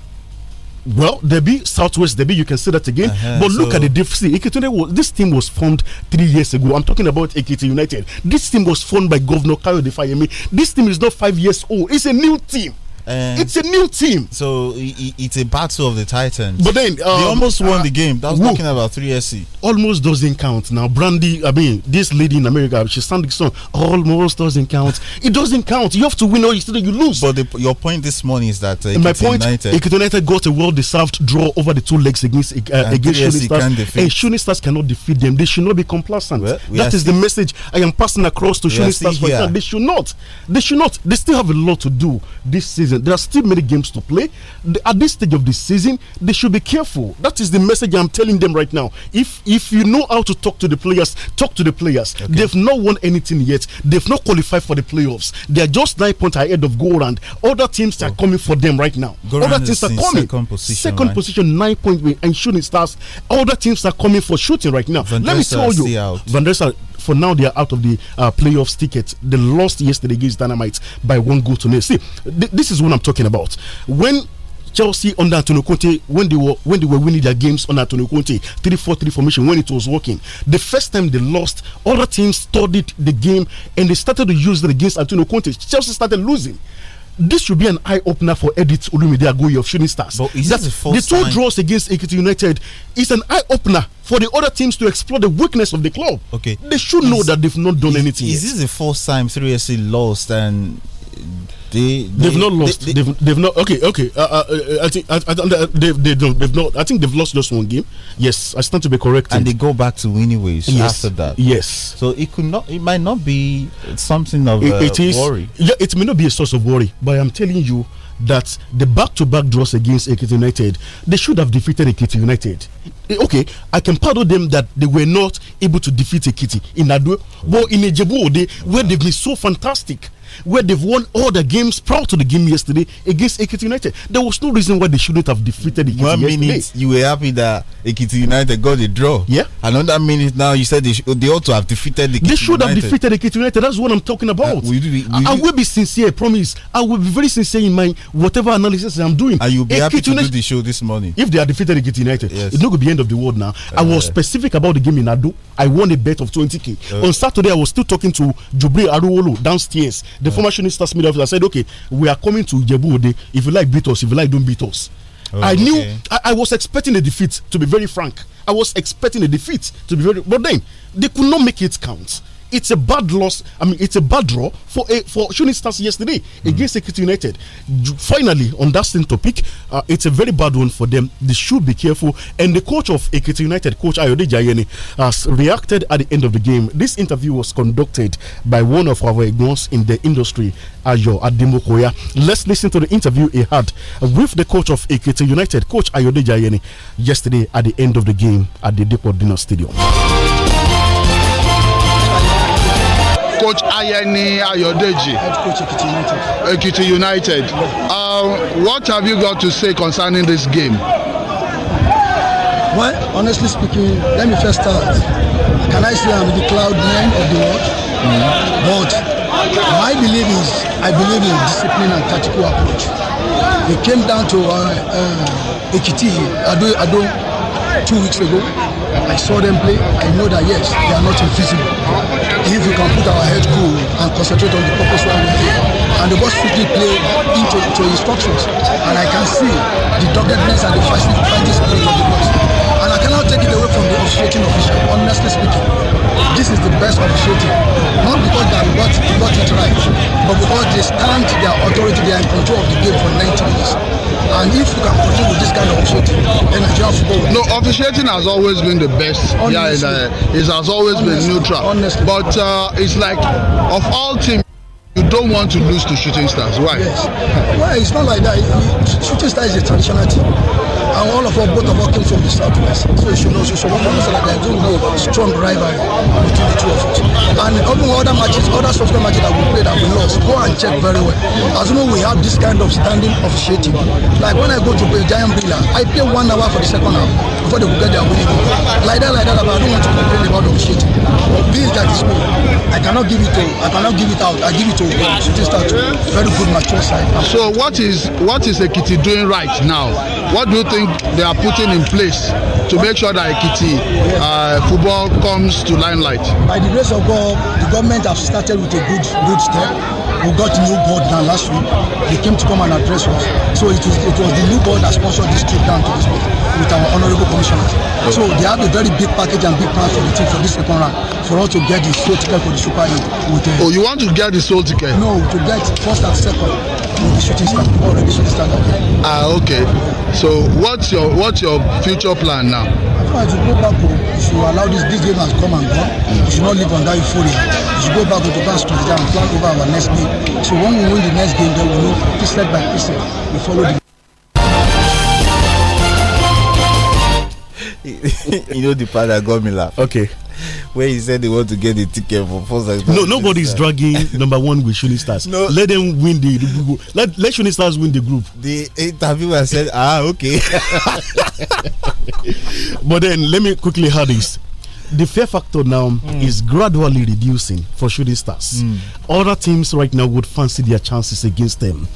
well, be Southwest be, you can say that again. Uh -huh, but look so at the difference. Ekitune was this team was formed three years ago. I'm talking about Ekiti United. This team was formed by Governor Kayo Defayemi. This team is not five years old. It's a new team. And it's a new team. So it's a battle of the Titans. But then um, they almost won uh, the game. That was talking about 3SC. Almost doesn't count. Now, Brandy, I mean, this lady in America, she's standing strong. Almost doesn't count. It doesn't count. You have to win or you, you lose. But the, your point this morning is that uh, my point, United, United got a well deserved draw over the two legs against uh, against Shooting Stars. And Shooting Stars cannot defeat them. They should not be complacent. Well, we that is the message I am passing across to Shooting Stars. They should not. They should not. They still have a lot to do this season season. There are still many games to play. at this stage of the season, they should be careful. That is the message I'm telling them right now. If if you know how to talk to the players, talk to the players. Okay. They've not won anything yet. They've not qualified for the playoffs. They are just nine points ahead of Goran. Other teams oh. are coming for them right now. Goran Other teams are coming. Second position, second right? position nine points and shooting stars. Other teams are coming for shooting right now. Let me tell you, Vandessa for now they are out of the uh, playoffs ticket. They lost yesterday against Dynamite by one goal to nil. See, th this is what I'm talking about. When Chelsea under Antonio Conte when they were when they were winning their games under Antonio Conte 3-4-3 formation when it was working. The first time they lost, other teams studied the game and they started to use it against Antonio Conte. Chelsea started losing this should be an eye opener for Edith Olumide Agoye of Shooting Stars. But is that the, the two time? draws against Ekiti United is an eye opener for the other teams to explore the weakness of the club. Okay, they should is, know that they've not done is, anything. Is yet. this the first time 3SC lost and? They, they, have not lost. They, have they've, they've not. Okay, okay. Uh, uh, uh I think I, I, they, they don't, they've not. I think they've lost just one game. Yes, I stand to be corrected. And they go back to anyways yes. after that. Yes. So it could not. It might not be something of it uh, is, worry. Yeah, it may not be a source of worry, but I'm telling you that the back-to-back -back draws against Ekiti United, they should have defeated Ekiti United. Eh, okay, I can pardon them that they were not able to defeat Ekiti in Adwe, but in Ejebu Ode, where they've been so fantastic where they've won all the games prior to the game yesterday against Ekiti United. There was no reason why they shouldn't have defeated Ekiti One yesterday. minute you were happy that Ekiti United got a draw. Yeah. Another minute now you said they, they ought to have defeated Ekiti They should United. have defeated Ekiti United. That's what I'm talking uh, about. Uh, will you, will I, I, will be sincere, I promise. I will be very sincere in my whatever analysis I'm doing. And you'll be Ekiti happy to United, do the show this morning. If they are defeated Ekiti United, yes. it's not going to be end of the world now. Uh, I was uh. specific about the game in Ado. I won a bet of 20k. Uh, On Saturday, I was still talking to Jubri Aruolo downstairs. The the former Shooting Stars officer said, "Okay, we are coming to Jebu If you like, beat us. If you like, don't beat us." Oh, I knew okay. I, I, was expecting a defeat. To be very frank, I was expecting a defeat. To be very, but then they could not make it count it's a bad loss. I mean, it's a bad draw for a, for Shuni Stars yesterday mm. against Ekiti United. Finally, on that same topic, uh, it's a very bad one for them. They should be careful. And the coach of Ekiti United, Coach Ayode Jayeni, has reacted at the end of the game. This interview was conducted by one of our egons in the industry, Ayo Ademokoya. Let's listen to the interview he had with the coach of Ekiti United, Coach Ayode Jayeni, yesterday at the end of the game at the Depot Dinner Stadium. coach Ayeni Ayodeji, coach Ekiti United. Ekiti United. Um, what have you got to say concerning this game? Well, honestly speaking, let me first start. Can I say I'm the cloud man of the world? Mm-hmm. But my belief is I believe in discipline and tactical approach. They came down to uh, uh, Ekiti, Ado, Ado two weeks ago. I saw them play. I know that yes, they are not invisible. If we can put our heads cool and concentrate on the purpose why we are here, and the boss strictly play into, into instructions, and I can see the doggedness and the fighting spirit of the boss, and I cannot take it away from the officiating official. Honestly speaking, this is the best officiating, Not because they got, got it right, but because they stand their authority, they are in control of the game for 90 years. And if you can continue with this kind of officiating, then Nigeria football will. No, officiating has always been the best. Honestly. Yeah, it, uh, has always Honestly. been neutral. Honestly. But uh, it's like, of all teams, You don't want to lose to Shooting Stars. Why? Yes. Well, it's not like that. Shooting Stars is a traditional team. And all of us, both of us came from the Southwest. So you should know, you should know, that there's no strong rivalry between the two of us. And even other matches, other software matches that we played that we lost, go and check very well. As you know, we have this kind of standing officiating. Like when I go to play Giant Villa, I pay one hour for the second half before they will get their winning goal. Like that, like that, but I don't want to complain about officiating. This guy is me. I cannot give it to, I cannot give it out. I give it to Very good mature side. So what is what is Ekiti doing right now? What do you think they are putting in place to make sure that Ekiti uh, football comes to limelight? By the grace of God, the government have started with a good good step we got new board down last week. They came to come and address us. So it was it was the new board that sponsored this trip down to this place with our honourable commissioners. So they have a very big package and big plan for the team for this second round for us to get the soul ticket for the Super League. With, uh, oh, you want to get the soul ticket? No, to get first and second with the shooting standard already shooting standard. Ah, okay. Yeah. So what's your what's your future plan now? I should go back home. You should allow this, this game has come and gone. You should not live on that euphoria. You should go back to the past and plan over our next game. So when we win the next game, then we know Piece by piece, We follow the you know the part that got me laugh. Okay. Where he said they want to get the ticket for first. No, nobody is dragging number one with Shooting Stars. No, let them win the, the group. Let let Shooting Stars win the group. The interviewer said, "Ah, okay." but then let me quickly add this the fear factor now mm. is gradually reducing for shooting stars. Mm. Other teams right now would fancy their chances against them.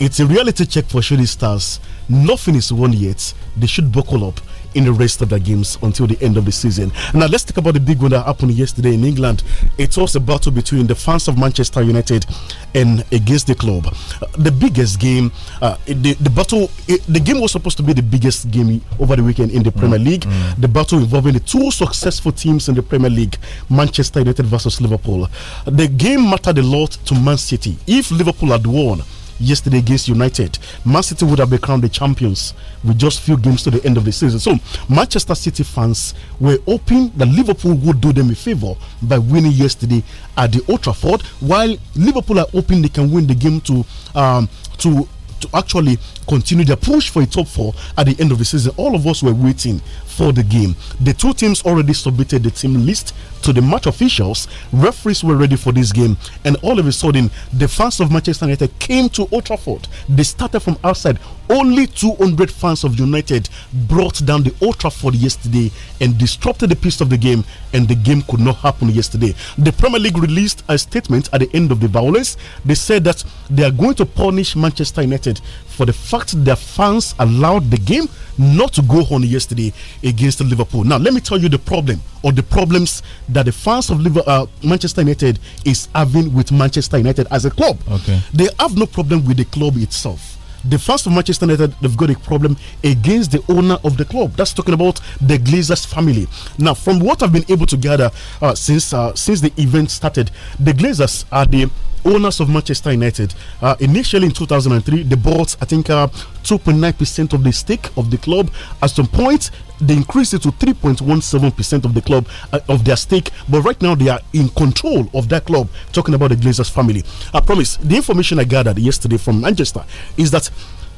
It's a reality check for shooting stars. Nothing is won yet. They should buckle up in the rest of the games until the end of the season. Now, let's talk about the big one that happened yesterday in England. It was a battle between the fans of Manchester United and against the club. Uh, the biggest game, uh, the, the battle, it, the game was supposed to be the biggest game over the weekend in the Premier mm, League. Mm The battle involving the two successful teams in the Premier League, Manchester United versus Liverpool. The game mattered a lot to Man City. If Liverpool had won, yesterday against United. Man City would have become the champions with just few games to the end of the season. So Manchester City fans were hoping that Liverpool would do them a favour by winning yesterday at the Old Trafford, while Liverpool are hoping they can win the game to um, to to actually continue their push for a top four at the end of the season. All of us were waiting before the game. The two teams already submitted the team list to the match officials. Referees were ready for this game, and all of a sudden, the fans of Manchester United came to Old Trafford. They started from outside. Only 200 fans of United brought down the Old Trafford yesterday and disrupted the peace of the game, and the game could not happen yesterday. The Premier League released a statement at the end of the violence. They said that they are going to punish Manchester United for the fact their fans allowed the game not to go on yesterday. A against Liverpool. Now, let me tell you the problem or the problems that the fans of Liverpool, uh, Manchester United is having with Manchester United as a club. Okay. They have no problem with the club itself. The fans of Manchester United, they've got a problem against the owner of the club. That's talking about the Glazers family. Now, from what I've been able to gather uh, since uh, since the event started, the Glazers are the owners of Manchester United. Uh, initially in 2003, they bought, I think, 2.9% uh, of the stake of the club. At some point, they increased it to 3.17% of the club uh, of their stake. But right now, they are in control of that club. Talking about the Glazers family. I promise. The information I gathered yesterday from Manchester is that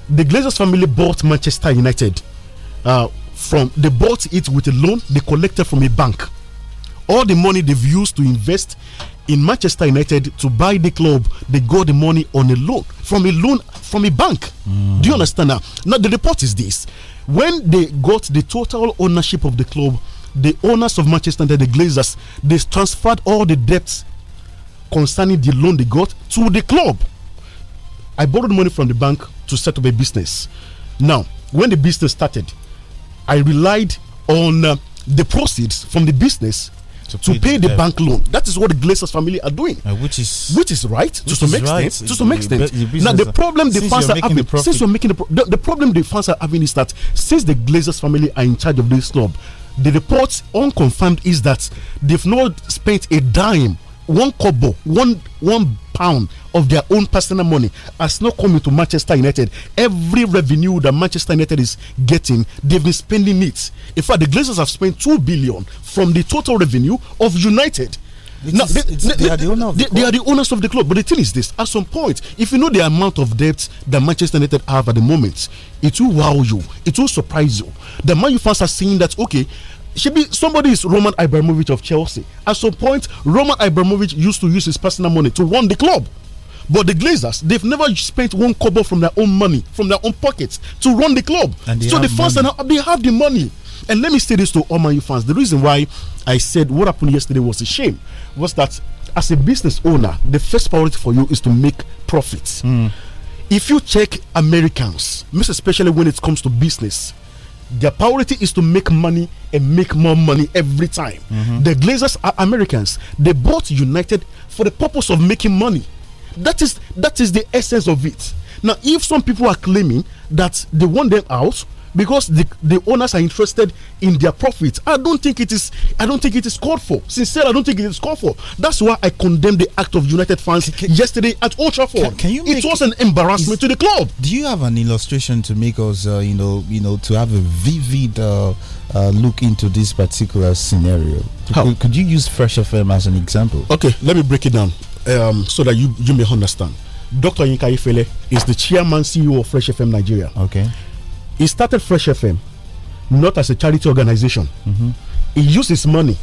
the Glazers family bought Manchester United. Uh, from they bought it with a loan they collected from a bank all the money they've used to invest in Manchester United to buy the club, they got the money on a loan from a loan from a bank. Mm. Do you understand now? Now the report is this: when they got the total ownership of the club, the owners of Manchester United, the Glazers, they transferred all the debts concerning the loan they got to the club. I borrowed money from the bank to set up a business. Now, when the business started, I relied on uh, the proceeds from the business to, to pay, the, the bank loan. That is what the Glazers family are doing, uh, which is which is right which to some extent. Right. To some extent. Now the problem the fans are having the since you're making the, pro the, the problem the fans are having is that since the Glazers family are in charge of this club, the report unconfirmed is that they've not spent a dime one kobo, one one pound of their own personal money has not come into Manchester United. Every revenue that Manchester United is getting, they've been spending it. In fact, the Glazers have spent two billion from the total revenue of United. Now, is, they, they, they, are the the they, are the owners of the club. But the thing is this: at some point, if you know the amount of debt that Manchester United have at the moment, it will wow you. It will surprise you. The Man you fans are saying that okay, should be somebody is Roman Ibrahimovic of Chelsea. At some point, Roman Ibrahimovic used to use his personal money to run the club. But the Glazers, they've never spent one kobo from their own money, from their own pockets, to run the club. so the fans and they have the money. And let me say this to all my fans: the reason why I said what happened yesterday was a shame was that as a business owner, the first priority for you is to make profits. Mm. If you check Americans, especially when it comes to business, their priority is to make money and make more money every time. Mm -hmm. The Glazers are Americans. They both united for the purpose of making money. That is that is the essence of it. Now, if some people are claiming that they want them out because the, the owners are interested in their profits. I don't think it is I don't think it is called for. Sincerely, I don't think it is called for. That's why I condemn the act of United fans can, can, yesterday at Old Trafford. Can, can you make, it was an embarrassment is, to the club. Do you have an illustration to make us uh, you know you know to have a vivid uh, uh, look into this particular scenario? How? Could, could you use Fresh FM as an example? Okay, let me break it down um, so that you you may understand. Dr. Yinka Ifele is the chairman CEO of Fresh FM Nigeria. Okay. He started Fresh FM not as a charity organization. Mm -hmm. He used his money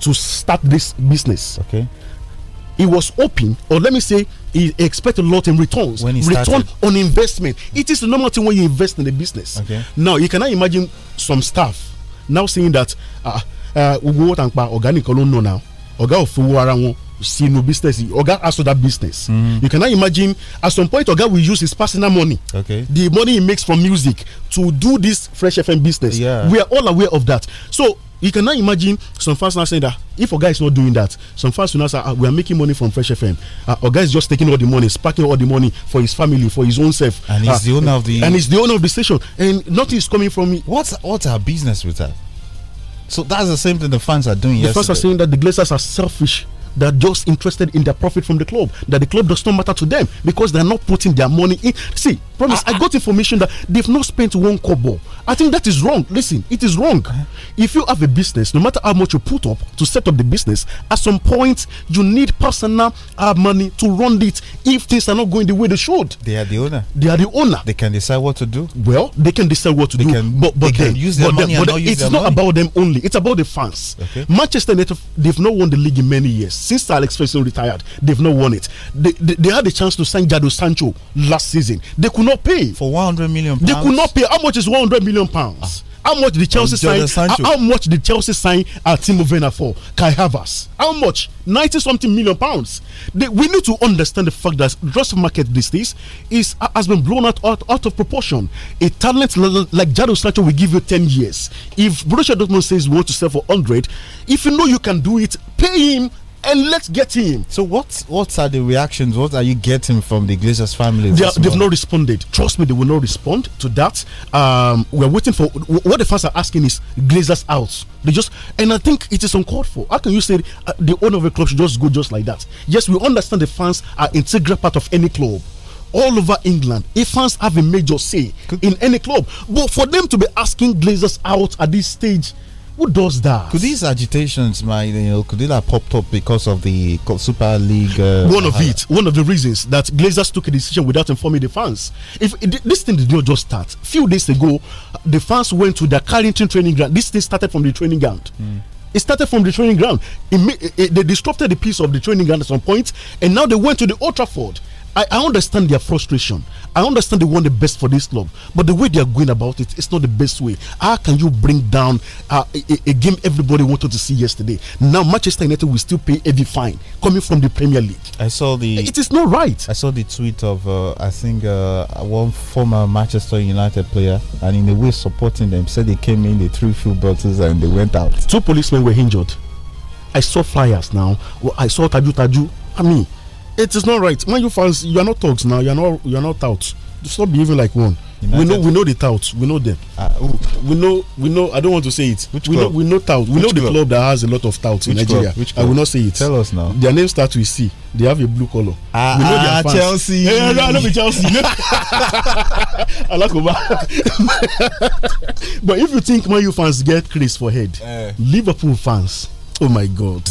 to start this business. Okay. He was hoping, or let me say, he expected a lot in returns. When he Return started. on investment. It is the normal thing when you invest in a business. Okay. Now, you cannot imagine some staff now saying that, uh, uh, organic alone, no now. Oga of Fuwarang See no business oga has other business mm. you cannot imagine at some point oga will use his personal money okay the money he makes from music to do this fresh fm business yeah. we are all aware of that so you cannot imagine some fans now saying that if Oga is not doing that, some fans will now say, ah, we are making money from Fresh FM. Uh, ah, Oga is just taking all the money, sparking all the money for his family, for his own self. And he's ah, the owner of the... And he's the owner of the station. And nothing is coming from me. What's, what's our business with that? So that's the same thing the fans are doing The yesterday. fans are saying that the Glazers are selfish that are just interested in their profit from the club. That the club does not matter to them because they're not putting their money in. See, promise, I, I got information that they've not spent one kobo. I think that is wrong. Listen, it is wrong. If you have a business, no matter how much you put up to set up the business, at some point you need personal uh, money to run it if things are not going the way they should. They are the owner. They are the owner. They can decide what to do. Well, they can decide what to they do. Can, but but they, use their but money. They, but not it's not money. about them only. It's about the fans. Okay. Manchester United, they've not won the league in many years since Alex Ferguson retired, they've not won it. They, they, they had the chance to sign Jadon Sancho last season. They could not pay for 100 million. Pounds? They could not pay. How much is 100 million pounds? Ah how much did Chelsea sign? How much did Chelsea sign at Timo Werner for Kai Havertz? How much? Ninety something million pounds. They, we need to understand the fact that transfer market these days is has been blown out, out out, of proportion. A talent like Jadon Sancho will give you ten years. If Borussia Dortmund says we want to sell for hundred, if you know you can do it, pay him and let's get him. So what what are the reactions? What are you getting from the Glazers family? They have not responded. Trust me, they will not respond to that. Um, we are waiting for what the fans are asking is Glazers out. They just and I think it is uncalled for. How can you say uh, the owner of a club should just go just like that? Yes, we understand the fans are integral part of any club all over England. If fans have a major say in any club, but for them to be asking Glazers out at this stage who does that? Could these agitations, my, you know, could it have popped up because of the Super League? Uh, one of uh, it, one of the reasons that Glazers took a decision without informing the fans. If this thing did not just start, a few days ago, the fans went to the Carrington training ground. This thing started from the training ground. Mm. It started from the training ground. It, it, they disrupted the piece of the training ground at some point, and now they went to the Old Trafford. I, I understand their frustration. I understand they want the best for this club, but the way they are going about it, it's not the best way. How can you bring down uh, a, a, game everybody wanted to see yesterday? Now Manchester United will still pay heavy fine coming from the Premier League. I saw the. It is not right. I saw the tweet of uh, I think uh, one former Manchester United player, and in a way supporting them, said they came in, they threw few bottles, and they went out. Two policemen were injured. I saw flyers now. I saw Taju Taju. I mean, it is not right. when you fans, you are not thugs now. You are not. You are not touts. Stop behaving like one. United. We know. We know the touts. We know them. Uh, we know. We know. I don't want to say it. Which we club? know. We know touts. We which know the club? club that has a lot of touts in Nigeria. Which club? I will not say it. Tell us now. Their name starts with C. They have a blue color. Ah, we know ah, their fans. Chelsea. Hey, no, no, Chelsea. Alakoba. but if you think my fans get Chris for head, uh. Liverpool fans. Oh my God.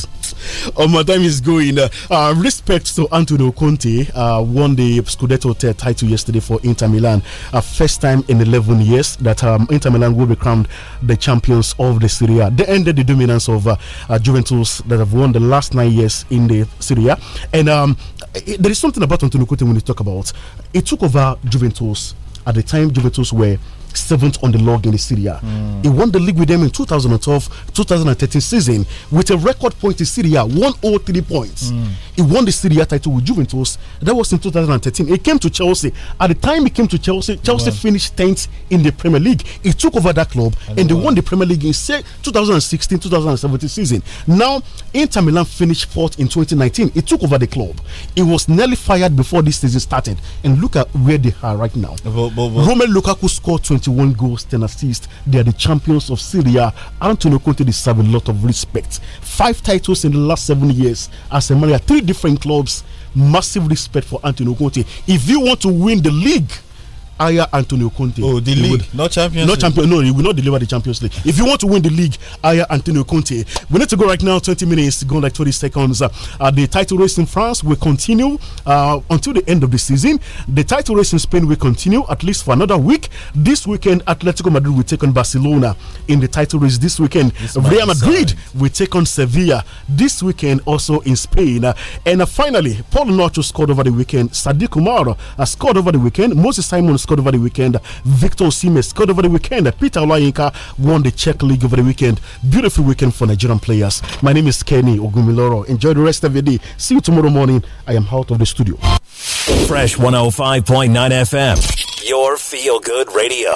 oh, my time is going. Uh, um, respect to Antonio Conte, uh, won the Scudetto title yesterday for Inter Milan. Uh, first time in 11 years that um, Inter Milan will be crowned the champions of the Serie A. They ended the dominance of uh, uh Juventus that have won the last nine years in the Serie A. And um, it, there is something about Antonio Conte when you talk about it took over Juventus at the time Juventus were seventh on the log in the Syria. mm. He won the league with them in 2012 2013 season with a record point in Syria, 103 points. Mm. He won the Syria title with Juventus. That was in 2013. He came to Chelsea. At the time he came to Chelsea, Chelsea yeah. finished 10th in the Premier League. He took over that club and they won the Premier League in 2016 2017 season. Now, Inter Milan finished fourth in 2019. He took over the club. He was nearly fired before this season started. And look at where they are right now. But, but, but. Roman Lukaku scored 20. 21 goals, 10 assists. They are the champions of Syria. Antonio Conte deserves a lot of respect. Five titles in the last seven years as a manager, three different clubs. Massive respect for Antonio Conte. If you want to win the league, hire Antonio Conte. Oh, the league, would, not Champions. Not Champions. No, he will not deliver the Champions League. If you want to win the league, hire Antonio Conte. We need to go right now. Twenty minutes, gone like twenty seconds. Uh, the title race in France will continue uh, until the end of the season. The title race in Spain will continue at least for another week. This weekend, Atletico Madrid will take on Barcelona in the title race. This weekend, this Real Madrid will take on Sevilla this weekend, also in Spain. Uh, and finally, Paul Nacho scored over the weekend. Sadiq Umar uh, scored over the weekend. Moses Simon scored over the weekend. Victor Simes scored over the weekend. Peter Olayinka won the Czech League over the weekend. Beautiful weekend for Nigerian players. My name is Kenny Ogumiloro. Enjoy the rest of your day. See you tomorrow morning. I am out of the studio. Fresh 105.9 FM, your feel good radio.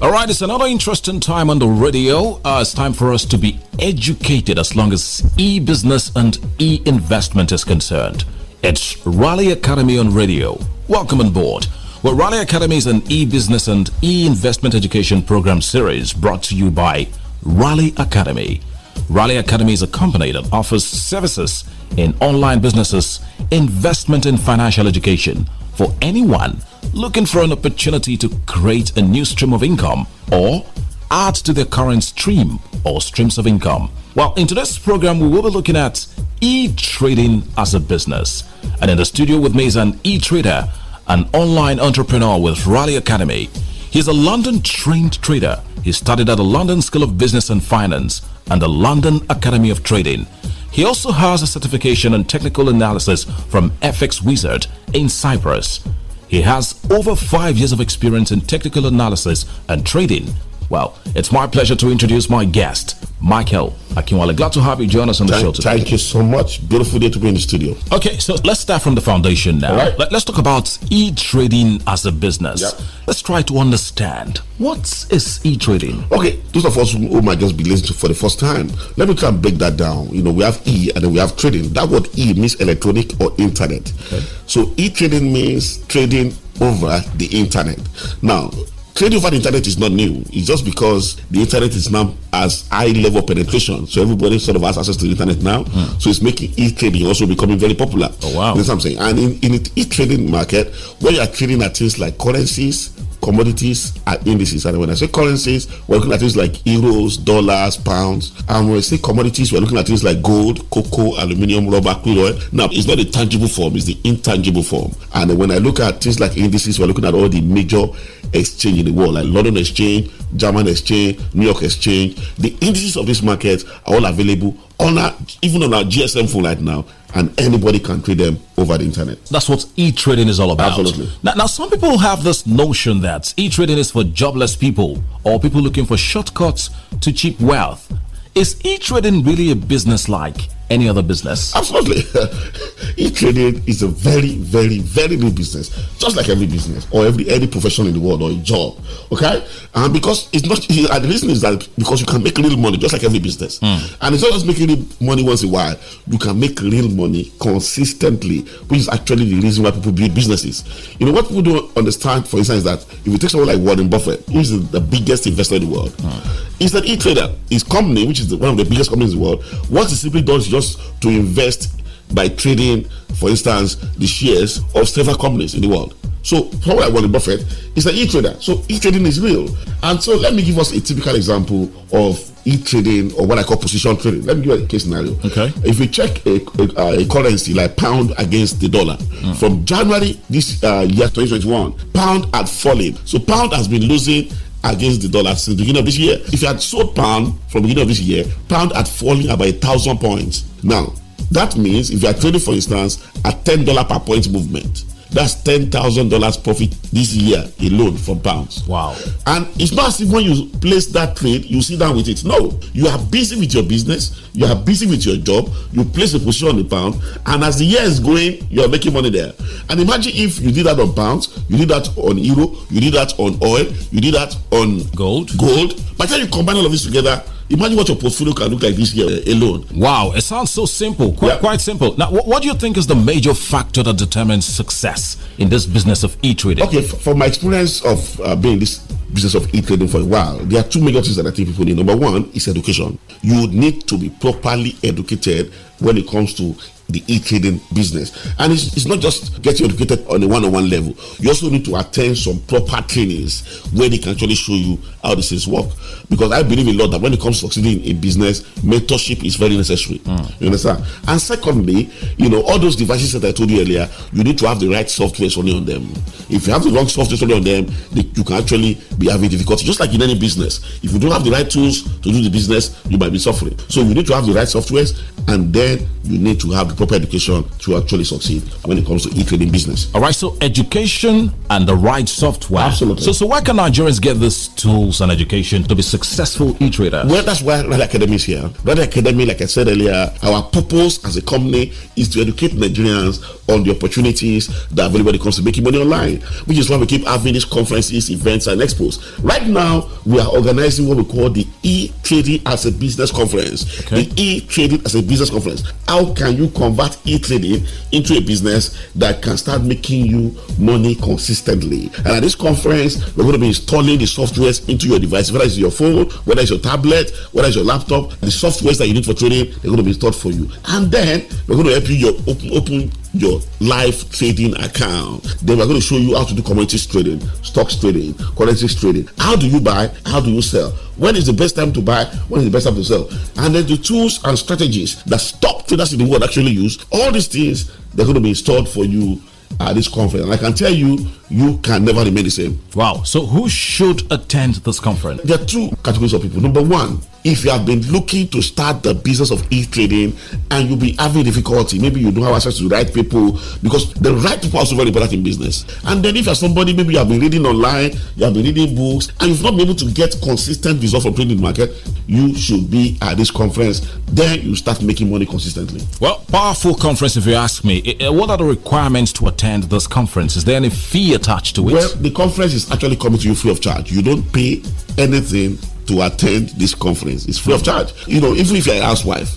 All right, it's another interesting time on the radio. Uh, it's time for us to be educated as long as e business and e investment is concerned. It's Raleigh Academy on radio. Welcome on board. Well, Raleigh Academy is an e-business and e-investment education program series brought to you by Raleigh Academy. Raleigh Academy is a company that offers services in online businesses, investment and financial education for anyone looking for an opportunity to create a new stream of income or add to their current stream or streams of income. Well, in today's program, we will be looking at e trading as a business. And in the studio with me is an e trader, an online entrepreneur with Raleigh Academy. He's a London trained trader. He studied at the London School of Business and Finance and the London Academy of Trading. He also has a certification in technical analysis from FX Wizard in Cyprus. He has over five years of experience in technical analysis and trading well, it's my pleasure to introduce my guest, Michael Akinwale. Glad to have you join us on the thank, show today. Thank you so much. Beautiful day to be in the studio. Okay, so let's start from the foundation now. Let, us talk about e trading as a business. Yep. Let's try to understand what is e trading. Okay, those of us who might just be listening for the first time, let me try and break that down. You know, we have e and then we have trading. That word e means electronic or internet. Okay. So e trading means trading over the internet. Now, trading over the internet is not new. It's just because the internet is now as high level penetration, so everybody sort of has access to the internet now. Mm. So it's making e-trading also becoming very popular. Oh wow! That's what I'm saying. And in, in e-trading market, where you are trading at things like currencies, commodities and indices. And when I say currencies, we're looking at things like euros, dollars, pounds. And when I say commodities, we're looking at things like gold, cocoa, aluminium, rubber, crude oil. Now, it's not the tangible form, it's the intangible form. And when I look at things like indices, we're looking at all the major exchange in the world, like London Exchange, German Exchange, New York Exchange. The indices of these markets are all available on our even on our GSM phone right now, and anybody can trade them over the internet. That's what e-trading is all about. Absolutely. Now, now some people have this notion that e-trading is for jobless people or people looking for shortcuts to cheap wealth. Is e-trading really a business like? any other business. Absolutely. e trading is a very, very, very big business, just like every business or every any profession in the world or a job. Okay, and because it's not, and the reason is that because you can make little money just like every business, mm. and it's not just making money once in a while. You can make real money consistently, which is actually the reason why people build businesses. You know what people don't understand, for instance, is that if you take someone like Warren Buffett, who is the biggest investor in the world, mm. is that e trader, his company, which is the, one of the biggest companies in the world, what he simply does just to invest by trading, for instance, the shares of several companies in the world. So, someone like Warren Buffett is an e-trader. So, e-trading is real. And so, let me give us a typical example of e-trading or what I call position trading. Let me give you a case scenario. Okay. If we check a, a, a currency like pound against the dollar, mm. from January this uh, year 2021, pound had fallen. So, pound has been losing against the dollar since the beginning of this year. If you had sold pound from the beginning of this year, pound had fallen about a thousand points. Now, that means if you are trading, for instance, a $10 per point movement, that's ten thousand dollars profit this year alone from pounds. Wow! And it's massive when you place that trade. You sit down with it. No, you are busy with your business. You are busy with your job. You place a position on the pound, and as the year is going, you are making money there. And imagine if you did that on pounds, you did that on euro, you did that on oil, you did that on gold. Gold. By the time you combine all of this together Imagine what your portfolio can look like this year alone. Wow, it sounds so simple, quite, yeah. quite simple. Now, what, what do you think is the major factor that determines success in this business of e trading? Okay, from my experience of uh, being this business of e trading for a while, there are two major things that I think people need. Number one is education. You need to be properly educated when it comes to the e-trading business. And it's, it's not just getting educated on a one-on-one level. You also need to attend some proper trainings where they can actually show you how these things work. Because I believe a lot that when it comes to succeeding in business, mentorship is very necessary. Mm. You understand? And secondly, you know, all those devices that I told you earlier, you need to have the right software only on them. If you have the wrong software only on them, they, you can actually be having difficulty. Just like in any business, if you don't have the right tools to do the business, you might be suffering. So you need to have the right softwares, and then you need to have proper education to actually succeed when it comes to e-trading business. All right, so education and the right software. Absolutely. So, so why can Nigerians get these tools and education to be successful e-traders? Well, that's why Red Academy is here. Red Academy, like I said earlier, our purpose as a company is to educate Nigerians on the opportunities that are available when it comes to making money online, which is why we keep having these conferences, events, and expos. Right now, we are organizing what we call the e-trading as a business conference. Okay. The e-trading as a business conference. How can you come convert e-trading into a business that can start making you money consistently. And at this conference, we're going to be installing the softwares into your device, whether it's your phone, whether it's your tablet, whether it's your laptop, the softwares that you need for trading, they're going to be installed for you. And then we're going to help you your open, open your live trading account. Then we're going to show you how to do commodities trading, stocks trading, currencies trading. How do you buy? How do you sell? When is the best time to buy? When is the best time to sell? And then the tools and strategies that stock traders in the world actually use. All these things they're going to be installed for you at this conference. And I can tell you, you can never remain the same. Wow. So who should attend this conference? There are two categories of people. Number one, if you have been looking to start the business of e-trading and you'll be having difficulty, maybe you don't have access to the right people because the right people are so very important in business. And then if you're somebody, maybe you have been reading online, you have been reading books, and you've not been able to get consistent results from trading market, you should be at this conference. Then you start making money consistently. Well, powerful conference if you ask me. Uh, what are the requirements to attend this conference? Is there any fee attached to it? Well, the conference is actually coming to you free of charge. You don't pay anything to attend this conference. It's free of charge. You know, even if you're a housewife,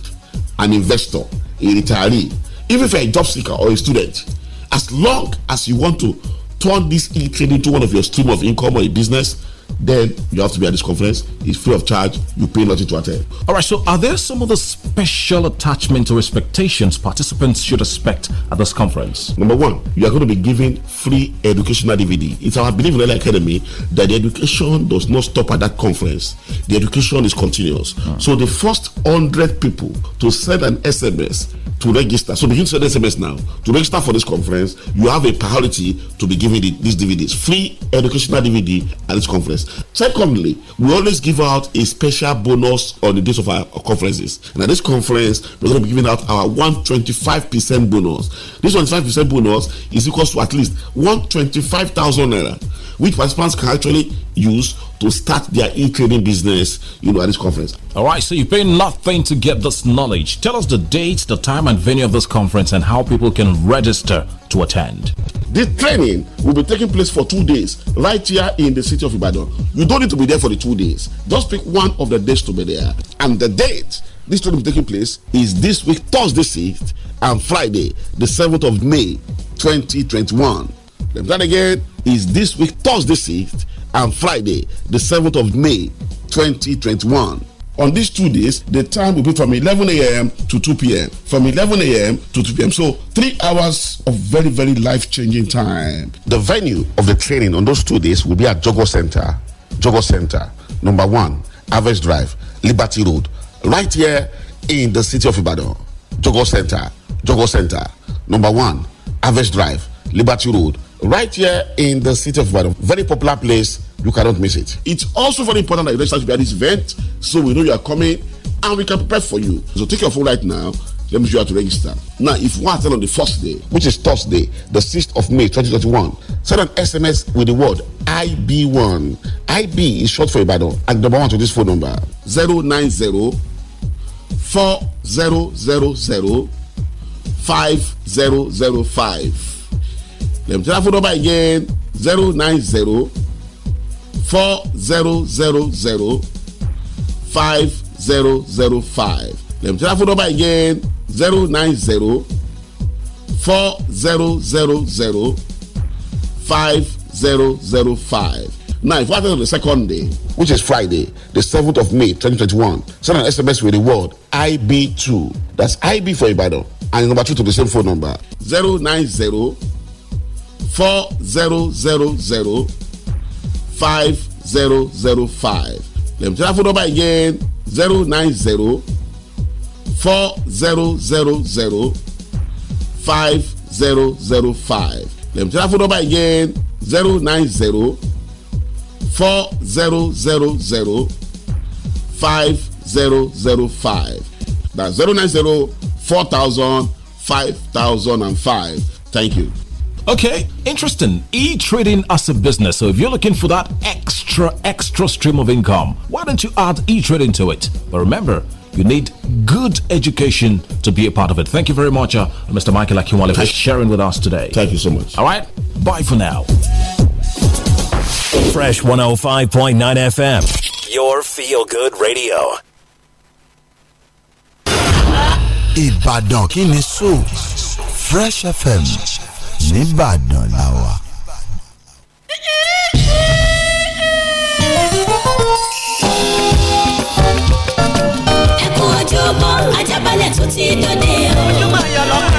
an investor, a retiree, even if you're a job seeker or a student, as long as you want to turn this e-trade into one of your stream of income or a business, then you have to be at this conference. It's free of charge. You pay nothing to attend. All right. So, are there some of the special attachments or expectations participants should expect at this conference? Number one, you are going to be given free educational DVD. It's our belief in the Academy that the education does not stop at that conference. The education is continuous. Hmm. So, the first hundred people to send an SMS to register. So, begin to send SMS now to register for this conference. You have a priority to be given the, these DVDs, free educational DVD at this conference conference. Secondly, we always give out a special bonus on the days of our conferences. And at this conference, we're going to be giving out our 125% bonus. This 125% bonus is equal to at least 125,000 naira which participants can actually use to start their e-trading business, you know, at this conference. All right, so you pay nothing to get this knowledge. Tell us the date, the time, and venue of this conference, and how people can register to attend. This training will be taking place for two days, right here in the city of Ibadan. You don't need to be there for the two days. Just pick one of the days to be there, and the date this training will be taking place is this week, Thursday 6th, and Friday, the 7th of May, 2021. Let me again is this week, Thursday 6th and Friday, the 7th of May 2021. On these two days, the time will be from 11 a.m. to 2 p.m. From 11 a.m. to 2 p.m. So, three hours of very, very life changing time. The venue of the training on those two days will be at Jogo Center. Jogo Center, number one, Average Drive, Liberty Road, right here in the city of Ibadan. Jogo Center, Jogo Center, number one, Average Drive, Liberty Road, right here in the city of Ibadan. Very popular place. You cannot miss it. It's also very important that you register to be at this event so we know you are coming and we can prepare for you. So take your phone right now. Let me show you how to register. Now, if you want to on the first day, which is Thursday, the 6th of May 2021, send an SMS with the word IB1. IB is short for Ibadan. And number one to this phone number 090 4000 5005. lẹ́yìn tí phone number again: zero nine zero four zero zero zero five zero zero five lẹ́yìn tí phone number again: zero nine zero four zero zero zero five zero zero five. Now, if I on the second day, which is Friday, the 7th of May 2021, send an SMS with the word IB2. That's IB for Ibadan. And number two to the same phone number 090 four zero zero zero five zero zero five let me tell that phone number again zero nine zero four zero zero zero five zero zero five let me tell that phone number again zero nine zero four zero zero zero five zero zero five that's zero nine zero four thousand five thousand and five thank you. Okay, interesting. E trading as a business. So if you're looking for that extra, extra stream of income, why don't you add e trading to it? But remember, you need good education to be a part of it. Thank you very much, uh, Mr. Michael Akinwale, for sharing with us today. Thank you so much. All right, bye for now. Fresh 105.9 FM, your feel good radio. Ibadan Fresh FM. nìbàdàn la wà. ẹkún ojúbọ ajábalẹ̀ tó ti dòde o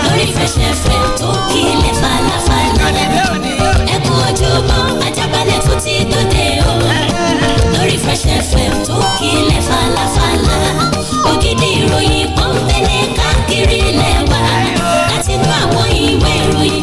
lórí fẹsẹ̀fẹ̀ tó kílẹ̀ falafala ẹkún ojúbọ ajábalẹ̀ tó ti dòde o lórí fẹsẹ̀fẹ̀ tó kílẹ̀ falafala ògidì ìròyìn pọ́ńpẹ́lẹ́ káàkiri lẹ́wà. Oh, yeah, iroyin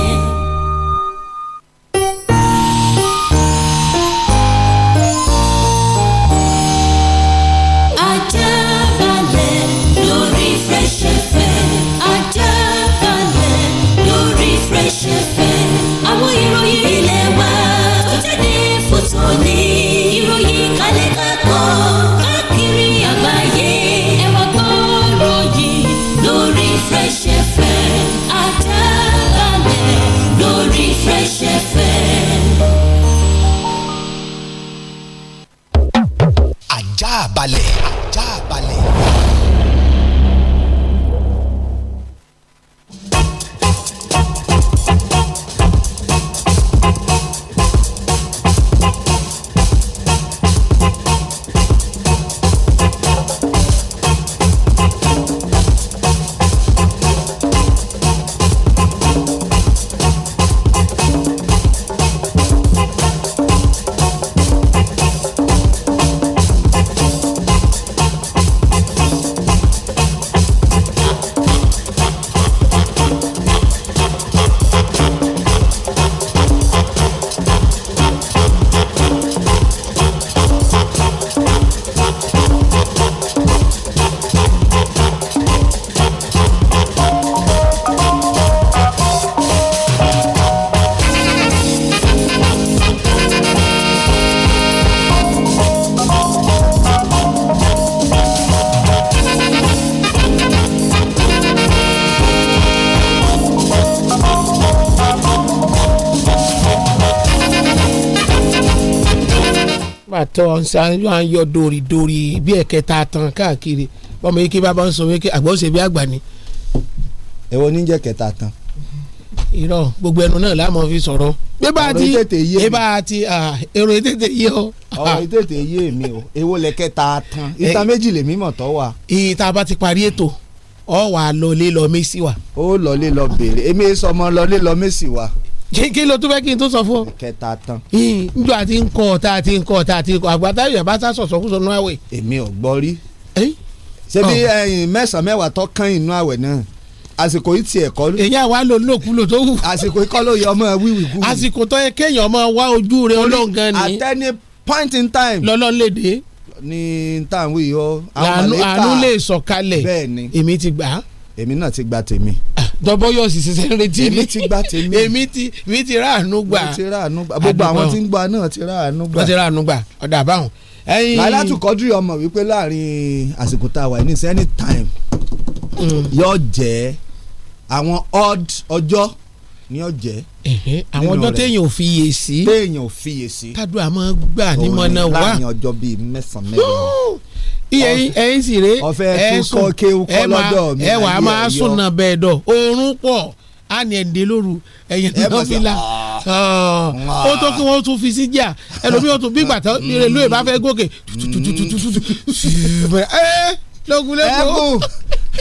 ọ̀nsán yóò yọ dòrì dòrì bí ẹ̀kẹta tán káàkiri bọ́mọ yìí kí bàbá ń sọ wípé àgbọ̀ ṣe bí àgbà ni. ẹ wo níjẹ kẹta tán. irọ́ gbogbo ẹnu náà láàmú fi sọ̀rọ̀. bébà àti bébà àti èrò ètètè yé o. ọ̀rọ̀ ètètè yé mi o èwo lẹ kẹta tán ìta méjì lè mímọ̀ tọ́ wa. ìta bá ti parí ètò ọ wà lọlé lọ mẹ́sì wa. ó lọlé lọ bèrè èmi sọmọ lọlé lọ mẹ́sì wa kí ló tún fẹ́ kí n tó sọ fún ọ. kẹta tán. njọ àti nkọ ọ̀tá àti nkọ ọ̀tá àti nkọ àgbàtà yóò bá sá sọ̀sọ̀ kúso nù àwẹ̀. èmi ò gbọ́ rí. ṣebí ẹyin mẹ́sàn-án mẹ́wàá tó kán inú àwẹ̀ náà àsìkò yìí tiẹ̀ kọ́. èyí àwa ló lókulò tó wù. àsìkò yìí kọ́ ló yẹ ọmọ wíwì kú. àsìkò tó yẹ kéèyàn ọmọ wá ojú rẹ ọlọ́ngàn ni. at any point in time. lọ́lọ́lédè. ní táwọn yìí ó. àánú lè sọ̀kalẹ̀ èmi ti gbà á èmi náà ti gba tèmi. Ah, dọ́bọ́yọ̀ ṣiṣẹ́ ń retí ni èmi ti gba tèmi. èmi ti mi ti ráàánú gbà. mo ti ráàánú gbà gbogbo àwọn tí ń gba náà ti ráàánú gbà. wọ́n ti ráàánú gbà ọ̀dà àbáhùn. láìláàtú kọjú ọmọ wípé láàrin àsìkò tá a wà ní anytime mm. yóò jẹ́ àwọn odd ọjọ́ ní ọ̀jẹ́. àwọn ọjọ́ téèyàn ò fi yè sí. téèyàn ò fi yè sí. tádùá máa gbà ní mọ́nà wá. òun láàrin ọjọ́ bíi mẹ́sàn-án mẹ́rin ẹyin ẹyin sì rè ẹ sùn ẹ máa ẹ wàá máa sùn náà bẹ́ẹ̀ dọ̀ oorun pọ̀ á ní ẹ̀ǹdẹ́ lóru ẹ̀yìn náà fi la ó tó kí wọ́n tún fi sí jà ẹlòmí ó tún bí gbàtà mm. rélùwé bá fẹ́ gòkè tutututututu ẹ lọ́gùn lẹ́gbẹ̀ẹ́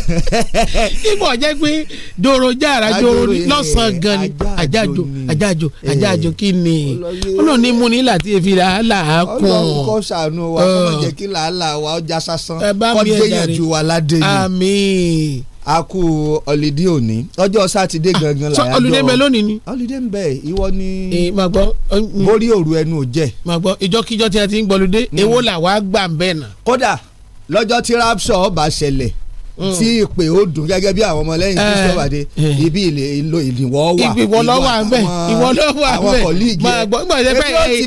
nígbà ọ̀jẹ́ pé dòrò jára dòrò lọ́sàn gan ni àjájò àjájò àjájò eh. kí ni ọlọ́run ní mú láti èfi làálà kún. ọlọ́run kọ́ sànú wa kọ́ mọ̀ kí làálà wa ọjà sásán kọ́ déyàn ju wa ládé yìí. a kú ọlídé òní ọjọ́ sátidé ah, gangan làyájọ́ ọlídé ń bẹ lónìí ni. ọlídé ń ìwọ ni borí òru ẹnu ò jẹ. màgbọ́ tí a ti ń gbọ́lódé hmm. èwo là wàá gbà ń bẹ́ẹ̀ nà. kódà lọ́jọ́ tí rapsọ̀ ọba ṣẹlẹ̀ Mm. tí ìpè ó dùn gẹ́gẹ́ bí àwọn ọmọlẹ́yìn kristu eh, ọ̀bàdé eh. ibi ìlò ìdìwọ́ wà ìwọ lọ wà ń bẹ ìwọ lọ wà ń bẹ àwọn kọ̀líìgì ẹ̀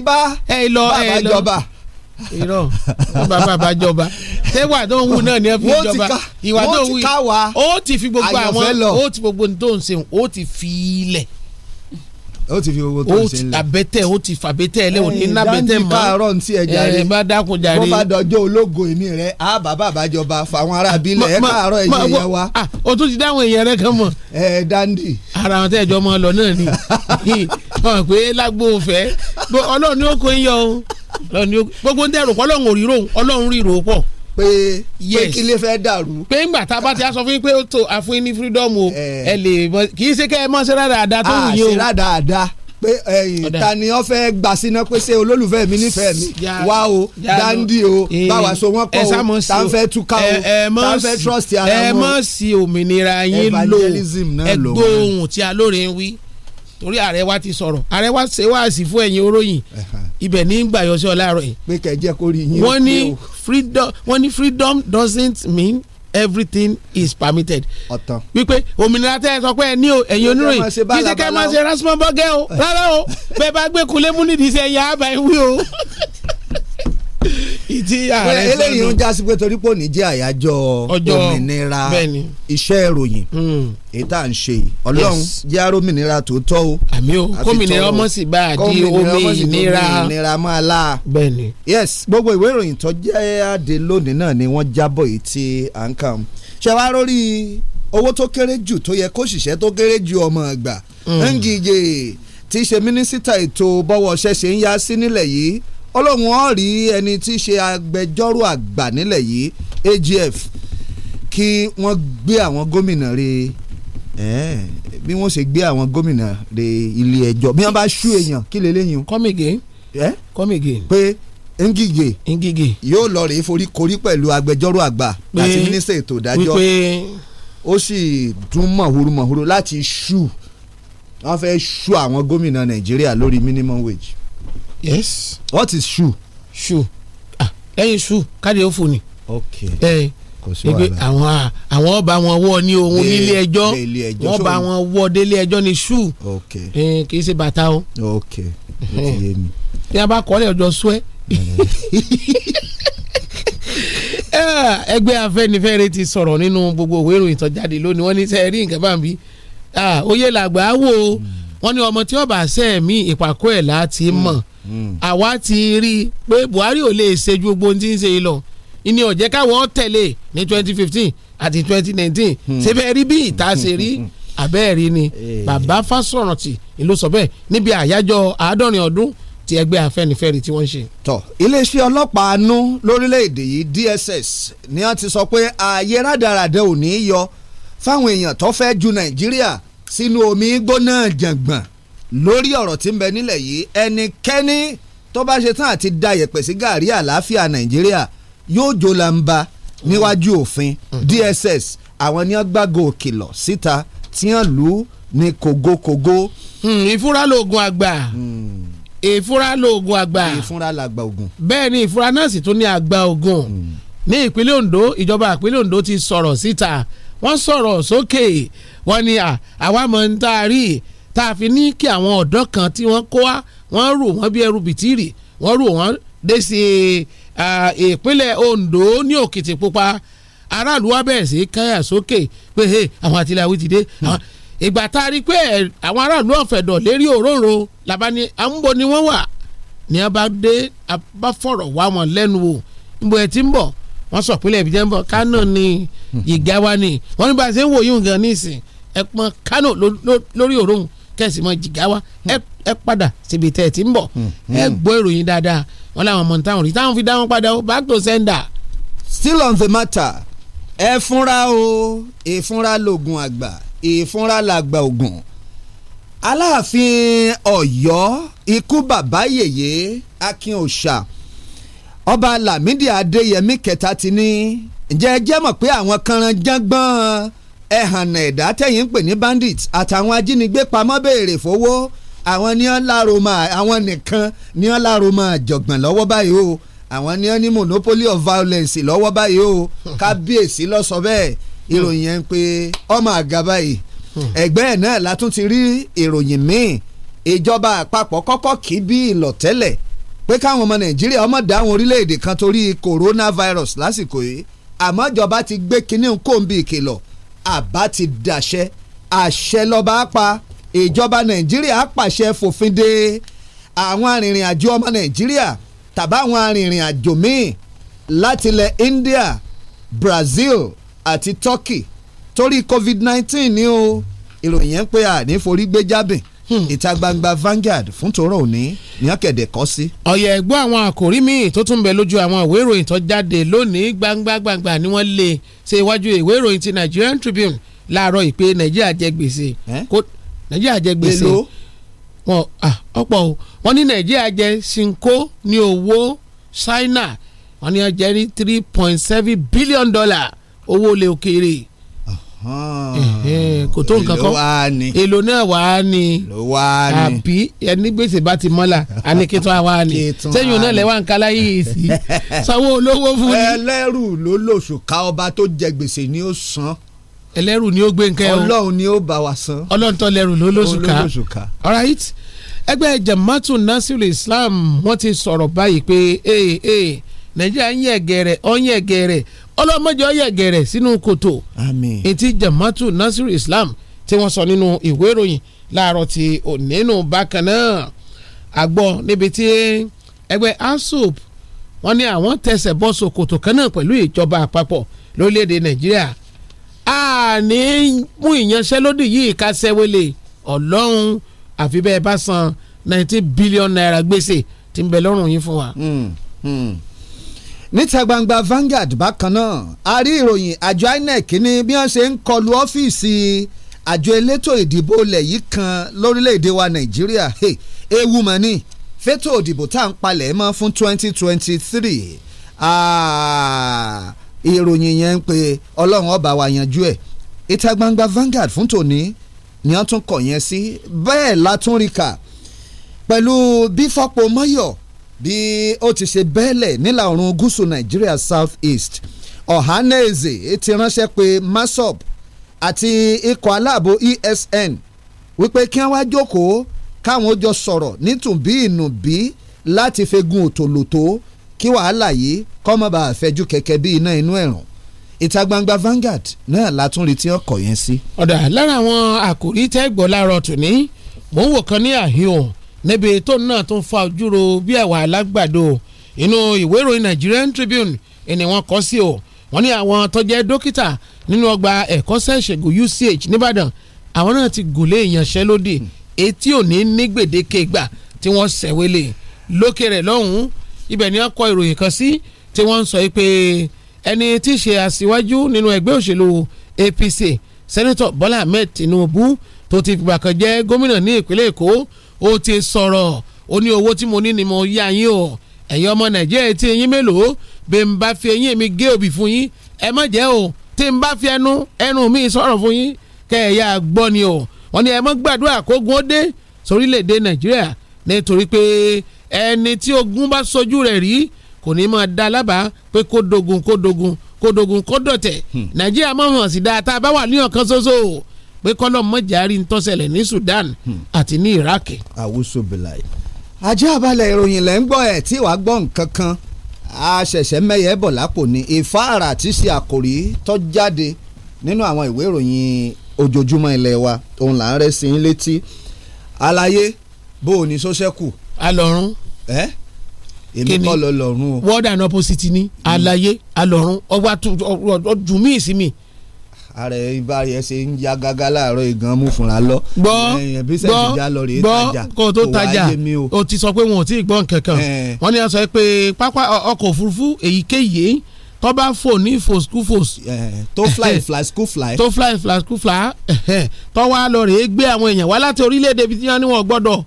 ẹ̀ ló ti bá bàbá jọba irọ́ bàbá àbájọba tẹ́wà tó ń wù náà ni ẹ fi jọba ìwà tó ń wù ó ti fi gbogbo àwọn ó ti gbogbo tó ń ṣe ó ti fi ilẹ̀ ó ti fi owó tó ṣe ń lẹ. abẹ́tẹ̀ ó ti fàbẹ́tẹ̀ lẹ òní nàbẹ́tẹ̀ mọ́. káàárọ̀ ntí ẹ jàre ẹ bá dákun jàre. bó bá dọjọ́ ológo ìní rẹ á bàbá àbájọba fáwọn ará abilẹ̀ ẹ káàárọ̀ ẹ̀yẹ yẹn wa. o tún ti dáhùn èèyàn rẹ kan mọ. ẹ dandi. ara àwọn tẹ́jọ́ mọ lọ náà ni wọn pé lágbo òfẹ́ ọlọ́run ni ó kó ń yọ o gbogbo ń dẹ́rù pọ̀ ọlọ́run ò pé pé kí lè fẹ́ dàrú. pé ńgbà tá a bá ti sọ fún yín pé ó tó àfún yín ní freedom o eh. ẹ lè kì í ṣe kẹ́ ẹ mọ́ ṣe rádaràda tó wù ah, yín o. àṣìrádaràda pé ẹyìn eh, ta ni wọn fẹ́ gbà síná pé ṣé olólùfẹ́ mi nífẹ̀ẹ́ mi wá o dandi o eh, báwa so wọn kọ o tá n fẹ́ túká o tá n fẹ́ trust ara wọn. ẹ mọ̀ sí òmìnira yín lò ẹgbẹ́ ohun tí alóore ń wí torí ààrẹ wa ti sọ̀rọ̀ ààrẹ wa ṣe wá sí fún ẹ̀yin oróyìn ibẹ̀ ní gbàyọ̀sẹ̀ ọ̀làrọ̀ yìí. pé kẹjẹ kó rí yín. wọ́n freedom wọ́n ní freedom doesn't mean everything is permitted. ọ̀tàn. wípé òmìnira tẹ́ ẹ sọ pé ẹ o ẹ̀yin oníròyìn kì í ṣe kẹ́ ẹ máa ṣe rasmus bọ́gẹ́ o rárá o bẹ́ẹ̀ bá gbé kulé mú nídìí ṣe ẹ̀yà wí o ìtí ààrẹ sọnù. eléyìí ń jásí pé torí pé òní jẹ́ àyájọ́ òmìnira iṣẹ́ ìròyìn hmm. èyí tá à ń ṣe ọlọ́run jẹ́ arómìnira tó tọ́ o. àmì o kómìnira ọmọ sì bá a di òmìnira òmìnira máa la. bẹ́ẹ̀ni. yes gbogbo ìwé ìròyìn tó jẹ́ àdé lónìí náà ni wọ́n jábọ̀ èyí tí à ń kà ń. ṣé wàá rórí owó tó kéré jù tó yẹ kó ṣiṣẹ́ tó kéré jù ọmọ àgbà. ń hmm. tí ṣe mínísítà ètò bọ́wọ́ ṣẹ̀ṣẹ̀ ń yá sí nílẹ̀ yìí ọlọ́run ó rí ẹni tí í ṣe agbẹjọ́rò àgbà nílẹ̀ yìí AGF kí wọ́n gbé àwọn gómìnà re bí wọ́n ṣe gbé àwọn gómìnà re ilé ẹjọ́ bí wọ́n bá ṣú èèyàn kí lè léyìn. come again. Eh? come again. pé Ngige Ngige yóò lọ rèé forí korí pẹ̀lú agbẹjọ́rò àgbà àti mínísítà ètò ìdájọ́ ó sì dún mọ̀húrú mọ̀húrú láti ṣú wọ́n fẹ́ ṣú àwọn gómìnà Nàìjíríà lórí minimum wage yes. what is shoe. shoe ah lẹ́yìn shoe káde ó fò ní. ok ẹ kò sí wàhálà àwọn àwọn ọba wọn wọ ní ohun nílé ẹjọ́ wọn bá wọn wọ délé ẹjọ́ ní shoe. ok ẹ kì í ṣe bàtà o. ok ó ti yé mi. bí a bá kọ́lé ọjọ́ sọ́ẹ́ ah, ẹgbẹ́ afẹ́nifẹ́re ti sọ̀rọ̀ nínú gbogbo òwe ìròyìn tó jáde lónìí wọ́n ní sẹ́ rí nǹkan bá ń bí ah, oyè làgbà wò ó wọ́n ní ọmọ tí ọba sẹ́ẹ̀mí ìpàkọ́ ẹ̀ láti mọ̀ àwa ti rí i pé Buhari ò lè ṣe ju gbogbo tí ń ṣe yìí lọ ìní ọ̀jẹ́ káwọn tẹ̀lé e ní twenty fifteen àti twenty nineteen hmm. ṣé bẹ́ẹ̀ rí bí ìta ṣe rí abẹ́ẹ̀rí hmm. ni eh. bàbá Fásọ̀rántì ló sọ bẹ́ẹ̀ níbi àyájọ́ àádọ́rin ọdún ti ẹgbẹ́ Afẹ́nifẹ́re tí wọ́n ń ṣe. tọ iléeṣẹ́ ọlọ́pàá anú lórílẹ̀‐èdè yìí DSS ni wọ́n ti sọ pé ààyè rádaràdà ò ní í yọ fáwọn èèyàn tó fẹ́ ju Nàìjíríà sínú omi gbóná jàngbọ̀n lórí ọ̀rọ̀ tí ń bẹ nílẹ̀ yìí ẹnikẹ́ni tó bá ṣe tán àti da yẹ̀pẹ̀ sí gàrí àlàáfíà nàìjíríà yóò jó lamba níwájú òfin DSS àwọn ni wọ́n gbàgò òkìlọ̀ síta tí wọ́n lù ú ní kògókògó. Hmm, ìfúra lóògùn àgbà hmm. ìfúra lóògùn àgbà ìfúra làgbà ògùn. bẹ́ẹ̀ ni ìfúra náà sì tún ní àgbà ògùn hmm. ní ìpínlẹ̀ Ondo ìjọba ìpínlẹ̀ Ondo ti sọ̀rọ̀ síta wọ́n sọ̀rọ̀ sókè wọ́n ní àwa mọ̀ ń tá a rí i tá a fi ní kí àwọn ọ̀dọ́ kan tí wọ́n kó wá wọ́n rò wọ́n bí ẹrù bìtìrì wọ́n rò wọ́n dé sí ìpínlẹ̀ Ondo ní Òkìtìpupa aráàlú wa bẹ̀rẹ̀ sí káyà sókè pé àwọn àtìlẹ̀ àwìn ti dé hmm. ìgbà tá a rí pé àwọn aráàlú ọ̀fẹ̀dọ̀ lérí òróró làbá ni àmúbo ni wọ́n wà ní a bá dé a bá fọ̀rọ̀ wá wọn lẹ́nu wò níbo ẹ ti ń bọ̀ wọ́n sọ pínlẹ̀ ìbíjẹ́ ń bọ̀ Kánò ni hmm. ìgbà ni wọ́n ní bá a ṣe ń wòyún gan nísìn ẹ̀pọ̀n Kánò lórí òróhùn kẹ́sì mọ́ jìgá ẹ padà síbi tẹ́ ẹ ti ń bọ̀ hmm, hmm. ẹ gbọ́ ìròyìn dáadáa wọn làwọn mọ̀ táwọn rí táwọn fi dá wọn padà o back to sender. still on the matter ẹ fúnra o ìfúnra lògùn àgbà ìfúnra làgbà ògùn aláàfin Ọ̀yọ́ ikú bàbá yèyé akin òòṣà ọba Lámídì Adéyẹmí kẹta ti ní ǹjẹ́ ẹ pé àwọn kan rán jágbọ́n ẹ̀hànà ẹ̀dá tẹ̀yìn ń pè ní bandit àtàwọn ajínigbé pamọ́ béèrè fowó àwọn ní ọ́n láro máa àwọn nìkan ní ọ́n láro máa jọ̀gbọ̀n lọ́wọ́ báyìí o àwọn ní ọ́n ní monopoly of violence lọ́wọ́ báyìí o hmm. kábíyèsí ló sọ bẹ́ẹ̀ ìròyìn yẹn pé ọmọ àga báyìí hmm. ẹgbẹ́ ẹ̀ náà látún ti rí ìròyìn míì ìjọba àpapọ̀ kọ́kọ́ kì í bí ìlọ̀tẹ́lẹ̀ pé káwọn ọmọ nàìjíríà ọmọ dáhùn orílẹ̀-èdè kan torí coronavirus lásìkò yìí àmọ́ ìjọba ti gbé kinní kóńbì ìkìlọ̀ àbá ti dàṣẹ àṣẹ lọ́ba pa ìjọba nàìjíríà pàṣẹ fòfin de àwọn arìnrìn àjò ọmọ nàìjíríà tàbá àwọn arìnrìn àjò míì láti ilẹ̀ India Brazil àti Turkey torí COVID-19 ni o ìròyìn yẹn pé àní forí gbé jábìn Hmm. ìta gbangba Vanguard fún tòró òní ìyàn kẹ̀dẹ̀ kọ́ sí. ọ̀yẹ̀ ẹ̀gbọ́n àwọn àkòrí míì tó tún bẹ lójú àwọn ìwé ìròyìn tó jáde lónìí gbangba gbangba ni wọ́n lè ṣe iwájú ìwé ìròyìn ti Nigerian Tribune láàárọ̀ ìpè Nàìjíríà jẹ gbèsè. Nàìjíríà jẹ gbèsè wọn ọ̀pọ̀ o wọ́n ní Nàìjíríà jẹ ṣinkó ní owó China wọ́n ní ọjẹ́ ní three point seven billion dollar owó lè òkèèrè kò tó nǹkan kan èlò náà wà á ni àbí ẹni gbèsè bá ti mọ́là àníkìtọ́ àwa ni sẹ́yìn náà lẹ́wà ń kálá yìí sí sanwó olówó fún mi. ẹlẹ́rù ló lòṣù ká ọba tó jẹ gbèsè ni ó san. ẹlẹ́rù ni ó gbé nǹkan ẹ̀ o ọlọ́run ni ó bá wa san. ọlọ́run tó lẹ́rù ló lòṣù ká all right ẹgbẹ́ jama'atu nasiru islam wọ́n ti sọ̀rọ̀ báyìí pé ee ee nàìjíríà ń yẹ̀ gẹ̀rẹ̀ ọ̀ ń yẹ̀ gẹ̀rẹ̀ ọlọ́mọjọ yẹ̀gẹ̀rẹ̀ sínú kòtò etí jama'atu nasiru islam tí wọ́n sọ nínú ìwé ìròyìn láàárọ̀ tí onínú bákan náà àgbọ̀ níbi tí ẹgbẹ́ asop wọ́n ní àwọn tẹsẹ̀ bọ́ ṣòkòtò kan náà pẹ̀lú ìjọba àpapọ̀ lórílẹ̀‐èdè nàìjíríà àní mú ìyanṣẹ́lódì yìí ká sẹ́wélé ọlọ́run àfi bẹ́ẹ̀ bá san nineteen billion naira gbèsè tí ń bẹ lọ́rùn yín fún wa. Mm, mm níta gbangba Vanguard bákan náà a rí ìròyìn àjọ INEC ní bí wọ́n ṣe ń kọlu ọ́fíìsì àjọ elétò ìdìbò ilẹ̀ yìí kan lórílẹ̀‐èdè wa Nàìjíríà ewu mọ̀ ni fétò òdìbò tá à ń palẹ̀ mọ́ fún twenty twenty three ìròyìn yẹn ń pe ọlọ́run ọba wa yanjú ẹ̀ ìta gbangba Vanguard fún tòní ni wọ́n tún kọ̀ yẹn sí bẹ́ẹ̀ látúnríkà pẹ̀lú bí fọ́pọ̀ bí ó ti ṣe bẹ́ẹ̀lẹ̀ nílà oòrùn gúúsù nàìjíríà south east ọ̀hánẹ́ẹ̀zẹ̀ ti ránṣẹ́ pé masop àti ikọ̀ aláàbò esn wípé kí wọ́n wá jókòó káwọn ó jọ sọ̀rọ̀ nítùbí ìnùbí láti fegun òtòlótó kí wàhálà yìí kọ́ mọ́ bá a fẹ́jú kẹ̀kẹ́ bí iná inú ẹ̀rùn ìta gbangba Vanguard náà látún retí ọkọ̀ yẹn sí. ọ̀dà lára àwọn àkòrí tẹ́gbọ́ láàárọ̀ tòní mò ń wò kan ní àhín níbi tó náà tó ń fa ojúro bí ẹ̀wà alágbàdo inú ìwé ìròyìn Nigerian Tribune ẹni wọ́n kọ sí o wọ́n ní àwọn tó jẹ́ dókítà nínú ọgbà ẹ̀kọ́ṣẹ́ ìṣègùn UCH nìbàdàn àwọn náà ti gùnlé ìyanṣẹ́lódì etí òní ní gbèdéke gbà tí wọ́n ṣẹ̀wélé lókè rẹ̀ lọ́hùn-ún ibẹ̀ ni wọ́n kọ ìròyìn kan sí tí wọ́n ń sọ pé ẹni tí í ṣe aṣíwájú nínú ẹgbẹ́ òṣèlú APC sẹ́nẹ́tọ̀ Bọ́lá Ahmed Tinubu tó ti fìgbà gómìnà ní ìpínlẹ̀ Èkó ó ti sọ̀rọ̀ ó ní owó tí mo ní ni mo yá yín o ẹ̀yin ọmọ nàìjíríà tí eyín mélòó bẹ́ẹ̀ ń bá fi eyín mi gé òbí fún yín ẹ má jẹ́ o tí ń bá fi ẹnu ẹnu mi sọ̀rọ̀ fún yín kẹ́ ẹ̀ yá gbọ́ ni o wọ́n ní ẹ mọ́ gbàdúrà kógun ó dé sórílẹ̀‐èdè nàìjíríà nítorí pé ẹni tí ogun bá sojú rẹ̀ rí kò ní máa da lábàá pé kó dogun kó dogun kó dogun kó dọ̀tẹ̀ hmm. nàìjíríà mọ̀ hàn sí dáa bá wà níyàn kan ṣoṣo o pé kọ́lọ́ mọ̀járí ń tọ́sẹ̀lẹ̀ ní Sudan hmm. àti ní Iraq. àwùsọ bìláì ajá balẹ̀ ìròyìn lẹ́ ń gbọ́ ẹ̀ tí wàá gbọ́ nǹkan kan a ṣẹ̀ṣẹ̀ mẹ́yẹ̀ bọ̀ lápò ní ìfáàrà tí ṣe àkòrí tó jáde nínú àwọn ìwé ìròyìn ojoojúmọ́ ilẹ̀ wa òun là ń rẹ́ sí létí àlàyé bó o ní sọ́sẹ́kù. alọrun. ẹ èmi kọ́ lọ lọ́rùn o. word and opposite ni àlàyé alọrun ọwọ́ àtúntò ọdún mí sí ààrẹ ìbára ẹ ṣe ń ya gágá láàárọ̀ ìgan mú fúnra lọ. gbọ́ gbọ́ gbọ́ kó o tó tajà o ti sọ pé wọn ò tí ì gbọ́ nkankan wọ́n ní a sọ pé pápá ọkọ̀ òfurufú èyíkéyìí tó fò ní fò school fò. tó fly fly school fly. tó fly fly school fly tó wá lọ rèé gbé àwọn èèyàn wá láti orílẹ̀-èdè ibi wọ́n ní wọ́n gbọ́dọ̀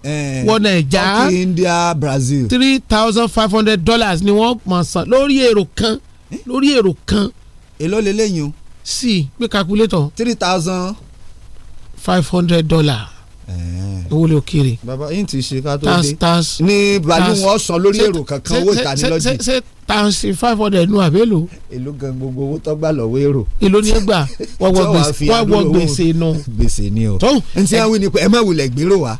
wọ nàìjà. turkey india brazil. three thousand five hundred dollars ni wọ́n mọ̀ san lórí èrò kan eh? lórí èrò kan. èló lélẹ́yìn o sí gbé calculator. three thousand. five hundred dollar owó lè kéré. bàbá yín ti ṣe ká tó dé ní balu wọn sàn lórí èrò kankan owó ìtanilọ́jì. ṣé tansi five hundred nu àbẹ́lò. èló gan gbogbo owó tó gbà lọ́wọ́ èrò. èló ni ẹ gbà wọ́n wọ gbèsè nù. gbèsè ni o. tó n ti àwọn ènìyàn ẹ má wulẹ̀ gbèrò wa.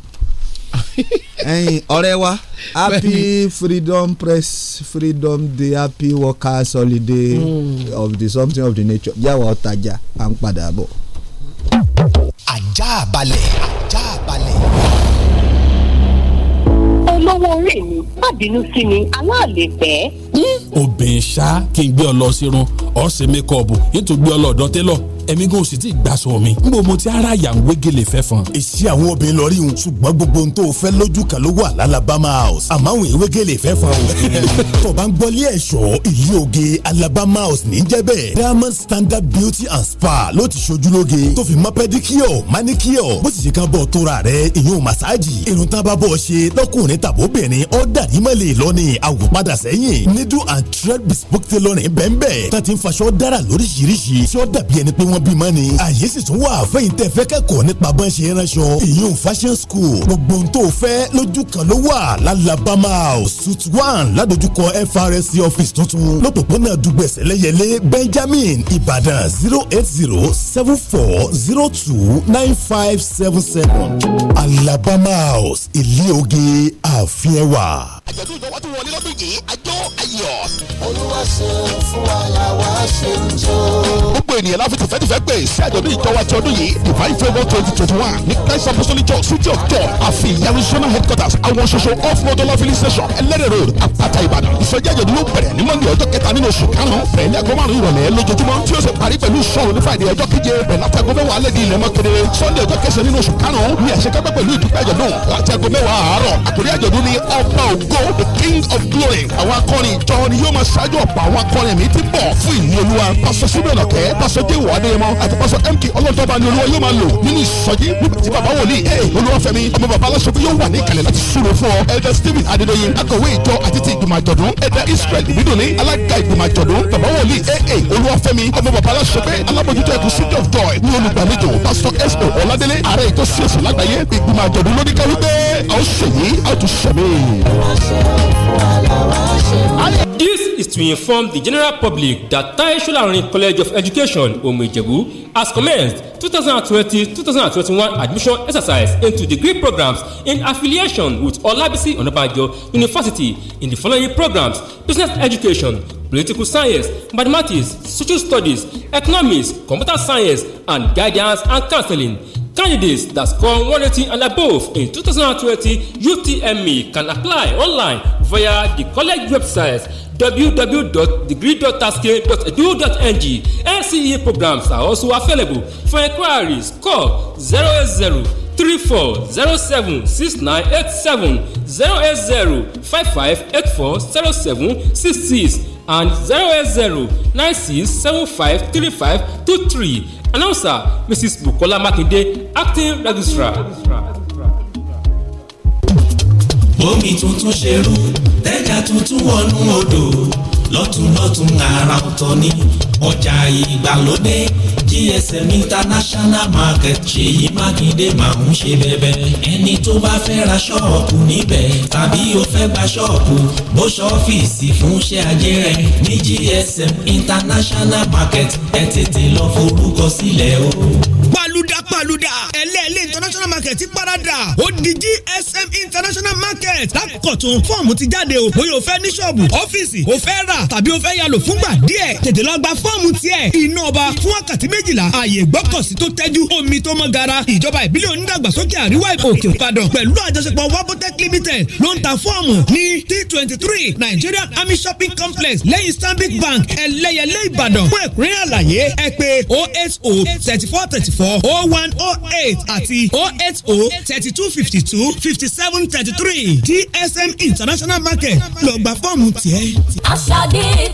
ẹyin ọ̀rẹ́ wa happy freedom press freedom day happy workers holiday mm. of the something of the nature yàwọ̀ ọ̀tajà à ń padà bọ̀. ajá balẹ̀ ajá balẹ̀. olówó orí mi má bínú sí mi aláàlè pẹ́. obìnrin ṣá kí n gbé ọ lọ sírun ọ̀sẹ̀ mẹ́kọ̀ọ̀bù nítorí gbé ọ lọ ọ̀dọ́ èmi gan sì ti gbàsọ mi n bò mo ti ara yà ń wégele fẹ́ fan. èsì àwọn obìnrin lọ rí un ṣùgbọ́n gbogbo ohun tó o fẹ́ lójú kan ló wà l'Alabama house àmọ́ àwọn ìwégele fẹ́ fan o. tó bá ń gbọ́lé ẹ̀ṣọ́ ìlú oge Alabama house ní jẹ́bẹ̀ Diamond Standard Beauty and Spa ló ti ṣojú lóge tó fi mọ́ pẹ́díkíọ̀ máníkíọ̀ bó ti ṣe ká bọ̀ tóra rẹ̀ ìyún màsáàjì irun tá a bá bọ̀ ṣe lọ́kùnrin tàbóbìnrin ọ̀ dàdí mọ́lẹ̀ lọ́ni àwòpadà sẹ́yìn needle and thread bespoke tailoring bẹ́ẹ̀ bẹ́ẹ̀ tá ti ń faṣọ dára lóríṣiríṣi tí ó dàbí ẹni pé wọ́n wọ́n bímọ ni. àyè sì tún wà fẹ́yìn tẹ́ fẹ́ kẹ́kọ̀ọ́ nípa bọ́n ṣe ránṣọ. ìyún fashion school gbogbo ohun tó fẹ́ lójú kan ló wà lálàbámà house suit one ládojúkọ FRC office tuntun lọ́pọ̀pọ̀nà dùgbẹ̀sẹ̀ lẹ́yẹlé Benjamin Ibadan. zero eight zero seven four zero two nine five seven seven Alabama house ilé oge àfihàn wa. àjọ̀dún ìjọba tó wọlé lọ́dún yìí àjọ ayọ̀. olúwa ṣe fún wa làwa ṣe ń jó. gbogbo ènìyàn láfi tìfẹ́ olólùfẹ́ pé sí àjọ̀dún ìjọba ti ọdún yìí divine favour twenty twenty one ní christ apostolic church city of god àfi ìyanu headquarters àwọn ṣoṣo off road olófin station ẹlẹ́rẹ̀ road àpáta ìbàdàn ìsọjí àjọ̀dún ló bẹ̀rẹ̀ ní monday ọjọ́ kẹta nínú oṣù karùn-ún bẹ̀rẹ̀ ní aago márùn-ún ìrọ̀lẹ́ lójoojúmọ́ tí ó sì parí pẹ̀lú sọ́ọ̀ ní friday ọjọ́ keje bẹ̀rẹ̀ látago mẹ́wàá lẹ́dí ilẹ̀ the king of glory àwọn akọrin ìjọ ni yóò máa ṣáájú ọ̀pọ̀ àwọn akọrin mi ti bọ̀ fún ìní olúwa pásọ síbẹ̀ lọ́kẹ́ pásọ adéyẹmọ àti pásọ mk ọlọ́dọ̀ba ni olúwa yóò máa lò nínú ìsọjí tí bàbá wòlíì ẹ olúwafẹ́mi ọmọ bàbá aláṣọfún yóò wà ní ìkàlẹ̀ láti súre fún ọ elder stephen adédọyé akọ̀wé ìjọ àti ti ìgbìmọ̀ àjọ̀dún elder israel ìbídùnní alága ìgbìmọ̀ àjọ̀dún bàbá wòlíì ẹ olúwafẹ́mi ọmọ bàbá aláṣọfún alábòjútó ẹkùn city of joy ní olùgbàlejò pastor espo ọládélé ààrẹ ìjọ csc lágbàáyé ìgbìmọ̀ àjọ̀dún lóníkàwé pé àwọn ṣèyí àtúnṣe mi. This is to inform the general public that Taishola Solarin College of Education, Omijebu, has commenced 2020-2021 admission exercise into degree programs in affiliation with Olabisi Onabanjo University in the following programs: business education, political science, mathematics, social studies, economics, computer science, and guidance and counseling. Candidates that score 180 and above in 2020 UTME can apply online via the college website www.degree.tasking.edu.ng e NCE programs are also available for inquiries call 080 34 07 6987 080 55 84 and 080 96 75 announcer mrs bukola makinde acting registrar. bómi tuntun ṣerú tẹ́jà tuntun wọnú odò lọ́tùnlọ́tùn àrà ọ̀tọ̀ ní ọjà ìgbàlódé GSM International Market Ṣèyí Mákindé máa ń ṣe bẹ̀bẹ̀ ẹni tó bá fẹ́ ra ṣọ́ọ̀pù níbẹ̀ tàbí o fẹ́ gba ṣọ́ọ̀pù bó ṣọ́ọ̀fìsì fún iṣẹ́ ajé rẹ ní GSM International Market ẹ tètè lọ forúkọ sílẹ̀ o. pàlúdà pàlúdà ẹlẹ́ẹ̀lẹ́ international international market ti parada ó di gsm international market lákọ̀tún fọ́ọ̀mù ti jáde o bóyá o fẹ́ ní ṣọ́ọ̀bù ọ́fíìsì o fẹ́ rà tàbí o fẹ́ yálò fúngbà díẹ̀ tètè lọ gba fọ́ọ̀mù tiẹ̀ iná ọba fún wákàtí méjìlá ààyè gbọ́kọ̀sí tó tẹ́jú omi tó mọ́ gara ìjọba ìbílẹ̀ onídàgbàsókè àríwá òkè ìbàdàn pẹ̀lú àjọṣepọ̀ wabotec limited ló ń ta fọ́ọ̀mù ní t twenty three nigerian army shopping complex lẹ́yìn stanbic bank ẹlẹ́yẹlé ìbàdàn fún ẹ̀kúnrẹ́ àlàyé ẹ pé oh eight oh thirty four thirty four oh one oh eight àti oh eight oh thirty two fifty two fifty seven thirty three dsm international market lọ gba fọ́ọ̀mù tiẹ̀.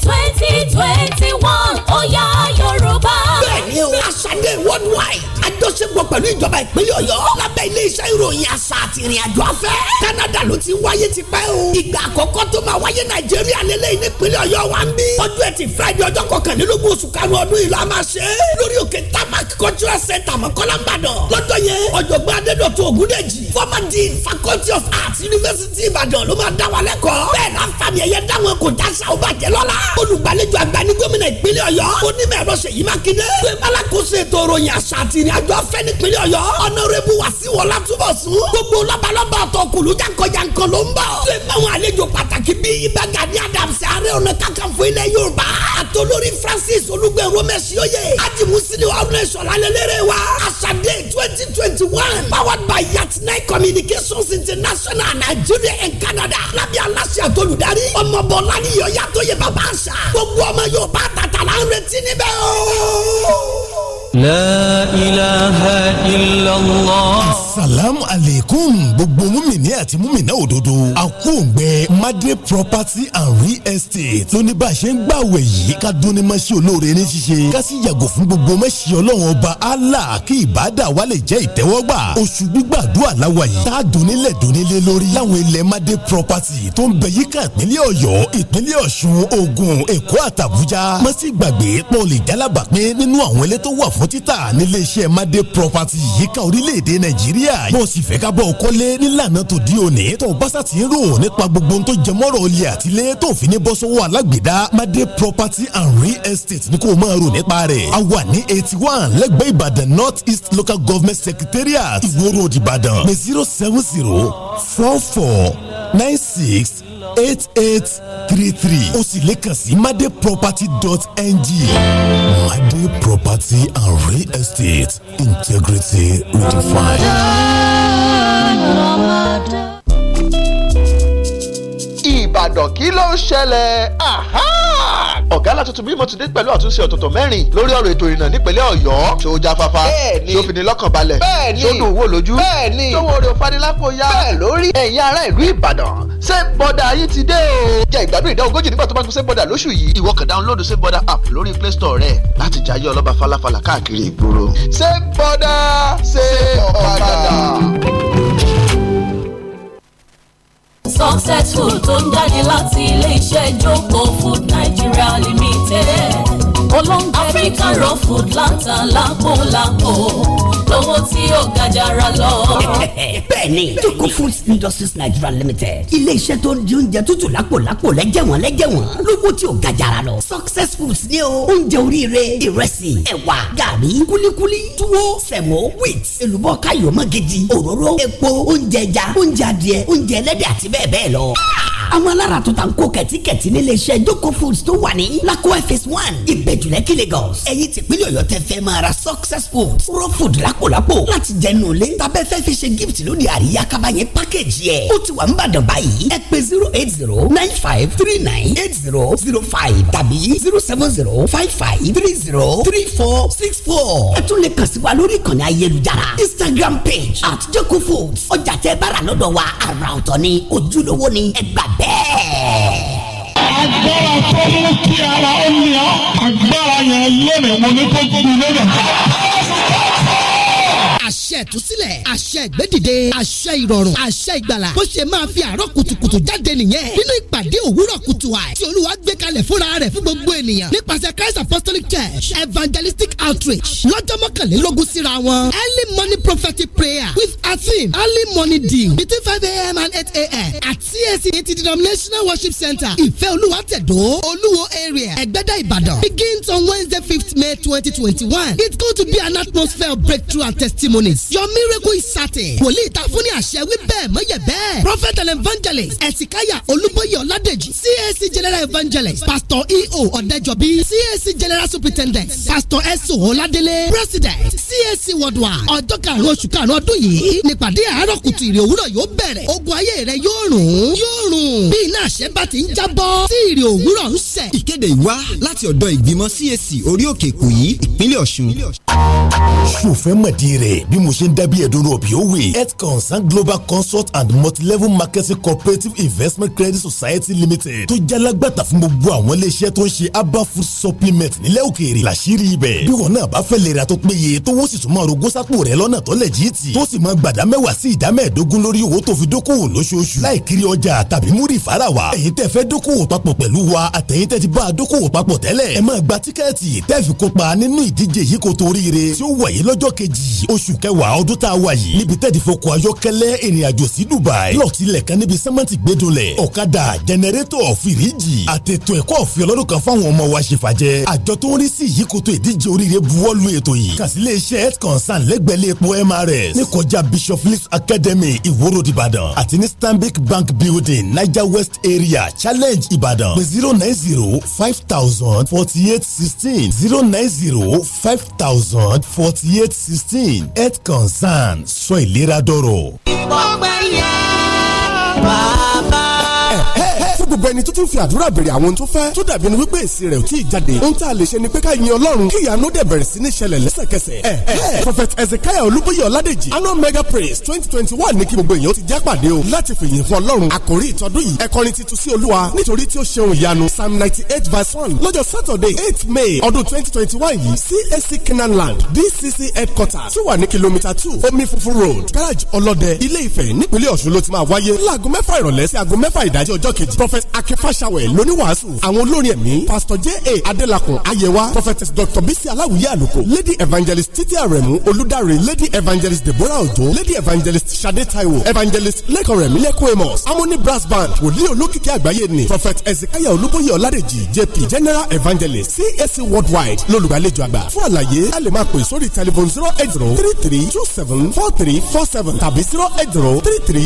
twenty twenty one ó yá yorùbá. bẹ́ẹ̀ni o àṣàdé worldwide àjọṣepọ̀ pẹ̀lú ìjọba ìpínlẹ̀ ọ̀yọ́ lábẹ́ iléeṣẹ́ ìròyìn àṣà àti ìrìnàjò afẹ́ canada ló ti wáyé ti pẹ́ o ìgbà àkọ́kọ́ tó máa wáyé nàìjíríà lélẹ́yìn nípínlẹ̀ ọ̀yọ́ wa ń bí ọjọ́ ẹtì friday ọjọ́ kọkànlélógún oṣù karùn-ún ọdún yìí la máa ṣe lórí òkè tamak cultural center mọ́kànlá ìbàdàn lọ́jọ́ yẹn ọ̀jọ̀gbọ́n Gbadébọ̀ Adédọ̀tun Ògúndèjì former dean faculty of arts university Ìbàdàn ló máa dá wa lẹ́kọ̀ọ́. Bẹ́ẹ̀ láǹfààní ẹ̀yẹ dáwọn kò dáṣà ó bàjẹ́ lọ́la. Olùgbàlejò àgbà ní gómìnà ìpínlẹ̀ Ọ̀yọ́. Onímọ̀ ẹ̀rọ Ṣèyí Mákindé. Gbẹ̀bálà kò ṣe ètò òròyìn àṣà àti ìrìn àjò afẹ́ nípínlẹ̀ Ọ̀yọ́. Honorable Wasiu Ọlátúbọ̀sún. Gbogbo lọ́balọ́ba ọ̀tọ̀ kùlú jákọ̀jánkọ̀ ló ń bọ̀. Gbẹ̀báwọn àlejò pàtàkì bíi Ìbà Gani Adams Ààrẹ Ọ̀nà Kakanfò ilẹ̀ Yorùbá. Àtolórí Francis Olúgbẹ̀rún Mẹ́síọ́yè. Ájìmùsílẹ̀ ọ̀rùn ẹ̀ṣọ̀lá lẹ́lẹ́rẹ̀ wa. Àṣàdé twenty twenty one powered by yatnai communications international nigeria and canada lábẹ́ aláṣẹ àtolùdarí ọmọbọ̀lá ni yọ̀ọ́yà tó yẹ bàbá àṣà gbogbo ọmọ yorùbá tàtàlà ń retí níbẹ̀ ooo. La ilaha illallah. Assalamu alaikum gbogbo múmìnì àti múmìnà òdodo. Àkóǹgbẹ Madre Property and Real Estate ló ní bá a ṣe ń gbàwẹ̀ yìí ká dúnni máa ṣe olóore ní ṣíṣe. Ká sì yàgò fún gbogbo mẹ́sì ọlọ́run ọba Allah kí ìbádà wa lè jẹ́ ìtẹ́wọ́gbà. Oṣù gbígbàdúrà láwa yìí. Tá a dùnnílẹ̀ dùnnílé lórí. Láwọn ilẹ̀ Madre Property tó ń bẹ yíká ìpínlẹ̀ Ọ̀yọ́, ìpínlẹ̀ Ọ̀ṣun, Ògùn, Èkó àtàbújá. Má sì gbàgbé pọ́ọ̀lì jálábàpín nínú àwọn ilé tó wà fún fún títà nílé iṣẹ́ Made property yíká orílẹ̀-èdè Nàìjíríà bó o sì fẹ́ ká bọ̀ ọ́ kọ́lé nílànà tó di òní tó o bá sà ti ń rò nípa gbogbo tó jẹ mọ́rọ̀ olè àtìlé tó fi ní bọ́ sọ́wọ́ alágbèédá Made property and real estate ní kó o máa rò nípa rẹ̀ a wà ní eighty one lẹ́gbẹ̀ẹ́ Ìbàdàn North East Local Government Secretariat Ìwó Road ní zero seven zero four four nine six eight eight three three o sì lè kàn sí madeproperty.ng made property and real estate integrity redefined. Ìbàdàn kí ló ń ṣẹlẹ̀? Aha! ọ̀gá látúntún bímọ ti dé pẹ̀lú àtúnṣe ọ̀tọ̀tọ̀ mẹ́rin lórí ọ̀rọ̀ ètò ìrìnnà nípínlẹ̀ ọ̀yọ́ ṣé ó jáfáfá ṣé ó fi ní lọ́kàn balẹ̀ ṣé ó dùn wò lójú ṣé owó orí òfanilápò ya bẹ́ẹ̀ lórí ẹ̀yin ará ìlú ìbàdàn ṣé bọ́dà yìí ti dé o. jẹ́ ìgbádùn ìdá ogójì nígbà tó bá ń gbé ṣé bọ́dà lóṣù yìí ìwọ kàn dáńlódù ṣé bọ́dà app lórí play store rẹ láti jayé ọlọ́ba falafala káàkiri ìgboro. ṣé bọ́dà ṣé ọ̀kadà successful tó ń jáde láti ilé iṣẹ́ Joko Food Nigeria Limited. olóńgbé African raw food láta lápò lápò lówó tí ó ga jara lọ. bẹ́ẹ̀ni joko foods industries nigeria limited iléeṣẹ́ tó ń di oúnjẹ tútù lápòlápò lẹ́jẹ̀wọ̀n lẹ́jẹ̀wọ̀n lówó tí ó ga jara lọ. success foods ni o oúnjẹ oríire ìrẹsì ẹ̀wà gàrí kúlíkúlí túwó sẹ̀mó wheat èlùbọ́ káyọ̀ mọ́gidi òróró epo oúnjẹ ẹja oúnjẹ adìẹ oúnjẹ ẹlẹ́dẹ̀ àti bẹ́ẹ̀ bẹ́ẹ̀ lọ. àwọn alára tó ta ń kó kẹ̀tíkẹ̀tí níléeṣẹ́ joko foods tó wà ní lakowa phase one ìbẹ̀jùlẹ̀ kí Lagos ẹ̀yin tìpínlẹ̀ ọ̀yọ́ tẹ fẹ́ máa ra success foods raw food lápò lápòlápò láti jẹnu ilé tàbẹ́ fẹ́ fi ṣe gift lóde àríyá kaba yẹn package yẹ ó ti wà ń bàdàn báyìí ẹ pè zero eight zero nine five three nine eight zero zero five tàbí zero seven zero five five three zero three four six four ẹ tún lè kàn sí wa lórí ìkànnì ayélujára instagram page at jeko foods ọjà tẹ bára lọ́dọ̀ wa àrà ọ̀tọ̀ ni ojúlówó ni ẹ gbà bẹ́ẹ̀ agbára tó mú kí ara ó ní ọ agbára yẹn lónìí mo ní kó gbúdú lónìí àṣẹ ìtúsílẹ̀ àṣẹ ìgbédìde àṣẹ ìrọ̀rùn àṣẹ ìgbàlà bó ṣe máa fi àárọ̀ kùtùkùtù jáde nìyẹn nínú ìpàdé òwúrọ̀ kùtù àì tí olúwa gbé kalẹ̀ fúnra rẹ̀ fún gbogbo ènìyàn nípasẹ̀ Christ Apostolic Church evangelistic outreach lọ́jọ́ mọ́kànlélógún síra wọn early morning prophetic prayer with seventeen early morning deal between five a.m. and eight a.m. at CAC interdenominational e worship center ìfẹ́ olúwa tẹ̀dó olúwo area Egbeda Ibadan. begins on wednesday fifth may twenty twenty one it's going to be an atmosphere of breakthrough and testimonies your miracle is certain wòlíì ta fún ní àṣẹ wí bẹ́ẹ̀ mọ́yẹ̀ bẹ́ẹ̀ prophet and evangelist ẹ̀sìkáyà olúbọ̀yẹ̀ ọ̀ládẹ́jì CAC general evangelist pastor E.O. ọ̀dẹ́jọ́bí CAC general superintendent pastor S.O. ọ̀ládélé president CAC worldwide ọjọ́ karùn-ún oṣù karùn-ún ọdún yìí ìpàdé àárọ̀ kùtù ìrì òwúrọ̀ yóò bẹ̀rẹ̀ ogun ayé rẹ yóò rùn yóò rùn bí iná àṣẹ́bá ti ń jábọ́ tí ìrì òwúrọ̀ ń sẹ̀. ìkéde ìwá láti ọ̀dọ̀ ìgbìmọ̀ CAC orí òkè Ìkòyí ìpínlẹ̀ Ọ̀ṣun. ṣòfẹ́ mọ̀dí rẹ̀ bí mo ṣe ń dábìí ẹ̀dùn rọ̀bì ó health concern global consult and multilevel marketing cooperative investment credit society limited tó jalagbàtà fún gbogbo àwọn iléeṣẹ́ tó ń ṣe herbal food supplement nílẹ̀ òkèèrè làṣírí ibẹ̀ bí wọn náà bá fẹ́ lè ra tó péye tó wọ́n sì tún máa rogó sápò rẹ̀ lọ́nà tó lẹ̀ jí tì tó sì máa gbàdá ìdá mẹ́wàá sí ìdá mẹ́ẹ̀ẹ́dógún lórí owó tó fi dókòwò lóṣooṣù láì kiri ọjà tàbí múrì fara wa ẹ̀yin tẹ́ fẹ́ dókòwò papọ̀ pẹ̀lú wa àtẹ̀yin tẹ́ ti bá a dókòwò papọ̀ tẹ́lẹ̀ ẹ máa gba tíkẹ́ẹ̀tì tẹ́ fi kópa nínú ìdíje yìí kò tó oríire tí ó wáyé lọ́jọ́ kejì oṣù kẹwàá ọdún tá a wà yìí níbi tẹ́ẹ̀dì fọkọ̀ ayọ́kẹ́lẹ̀ ìrìn àjò sí Dubai lọ́ọ̀tìlẹ̀ kan níbi sẹ́mẹ́ntì gbẹdọ̀lẹ̀ ọ̀kadà jẹnẹrétọ̀ fìríjì àtètò ẹ̀kọ́ ọ̀fìn ọlọ́dún kan fáwọn ọmọ wa ṣèfàjẹ́ àjọ tó ń rí sí yìí kòtò ìdíje oríire buwọ́lu ètò yìí kàsílẹ̀ iṣẹ́ MRS ní kọjá of leaps academy ìwòrò Ibadan àti ní stanbic bank building niger west area challenge Ibadan. pé zero nine zero five thousand forty eight sixteen zero nine zero five thousand forty eight sixteen health concern sọ ìlera dọ̀rọ̀. ọgbẹ́ yẹn bàbá gbogbo ẹni tó tún fi àdúrà béèrè àwọn tó fẹ́ tó dàbí ni wípé èsì rẹ̀ ò tí ì jáde ohun tá a lè ṣe ni pé ká yin ọlọ́run kí ìyanu dẹ̀ bẹ̀rẹ̀ sí ní ṣẹlẹ̀ lẹ́sẹ̀kẹsẹ̀ ẹ ẹ prophet ezekiah olúbóyè ọládèjì annual mega praise twenty twenty one ní kí gbogbo èèyàn ti já pàdé o láti fìyìn fún ọlọ́run àkòrí ìtọ́dún yìí ẹ̀kọrin titun sí olúwa nítorí tí ó ṣeun ìyanu psalm ninety eight verse one lọ́jọ́ saturday eight may ọdún twenty twenty dcc headquarters tí wà ní two omi funfun road garage ọlọ́dẹ ilé ìfẹ́ nípínlẹ̀ ọ̀ṣun ló ti máa wáyé láago mẹ́fà ìrọ̀lẹ́ sí aago prophet akefashawe lóníwàásù àwọn olórin ẹ̀mí pastor j a adelakun Ayewa prophetess dr bisi aláwìyé àlùkò lady evangelist títí àrẹ̀mú olùdarí lady evangelist deborah ojo lady evangelist sade taiwo evangelist lẹ́kọ̀ọ́ rẹ̀ mílẹ̀kùn amos harmony brass band wòlíì olókìkí àgbáyé ni prophet ezekiah olúbóyè ọ̀ládèjì jp general evangelist cac worldwide lolùgbàlejò àgbà fún àlàyé a lè máa pè sórí telephone zero eight zero three three two seven four three four seven tàbí zero eight zero three three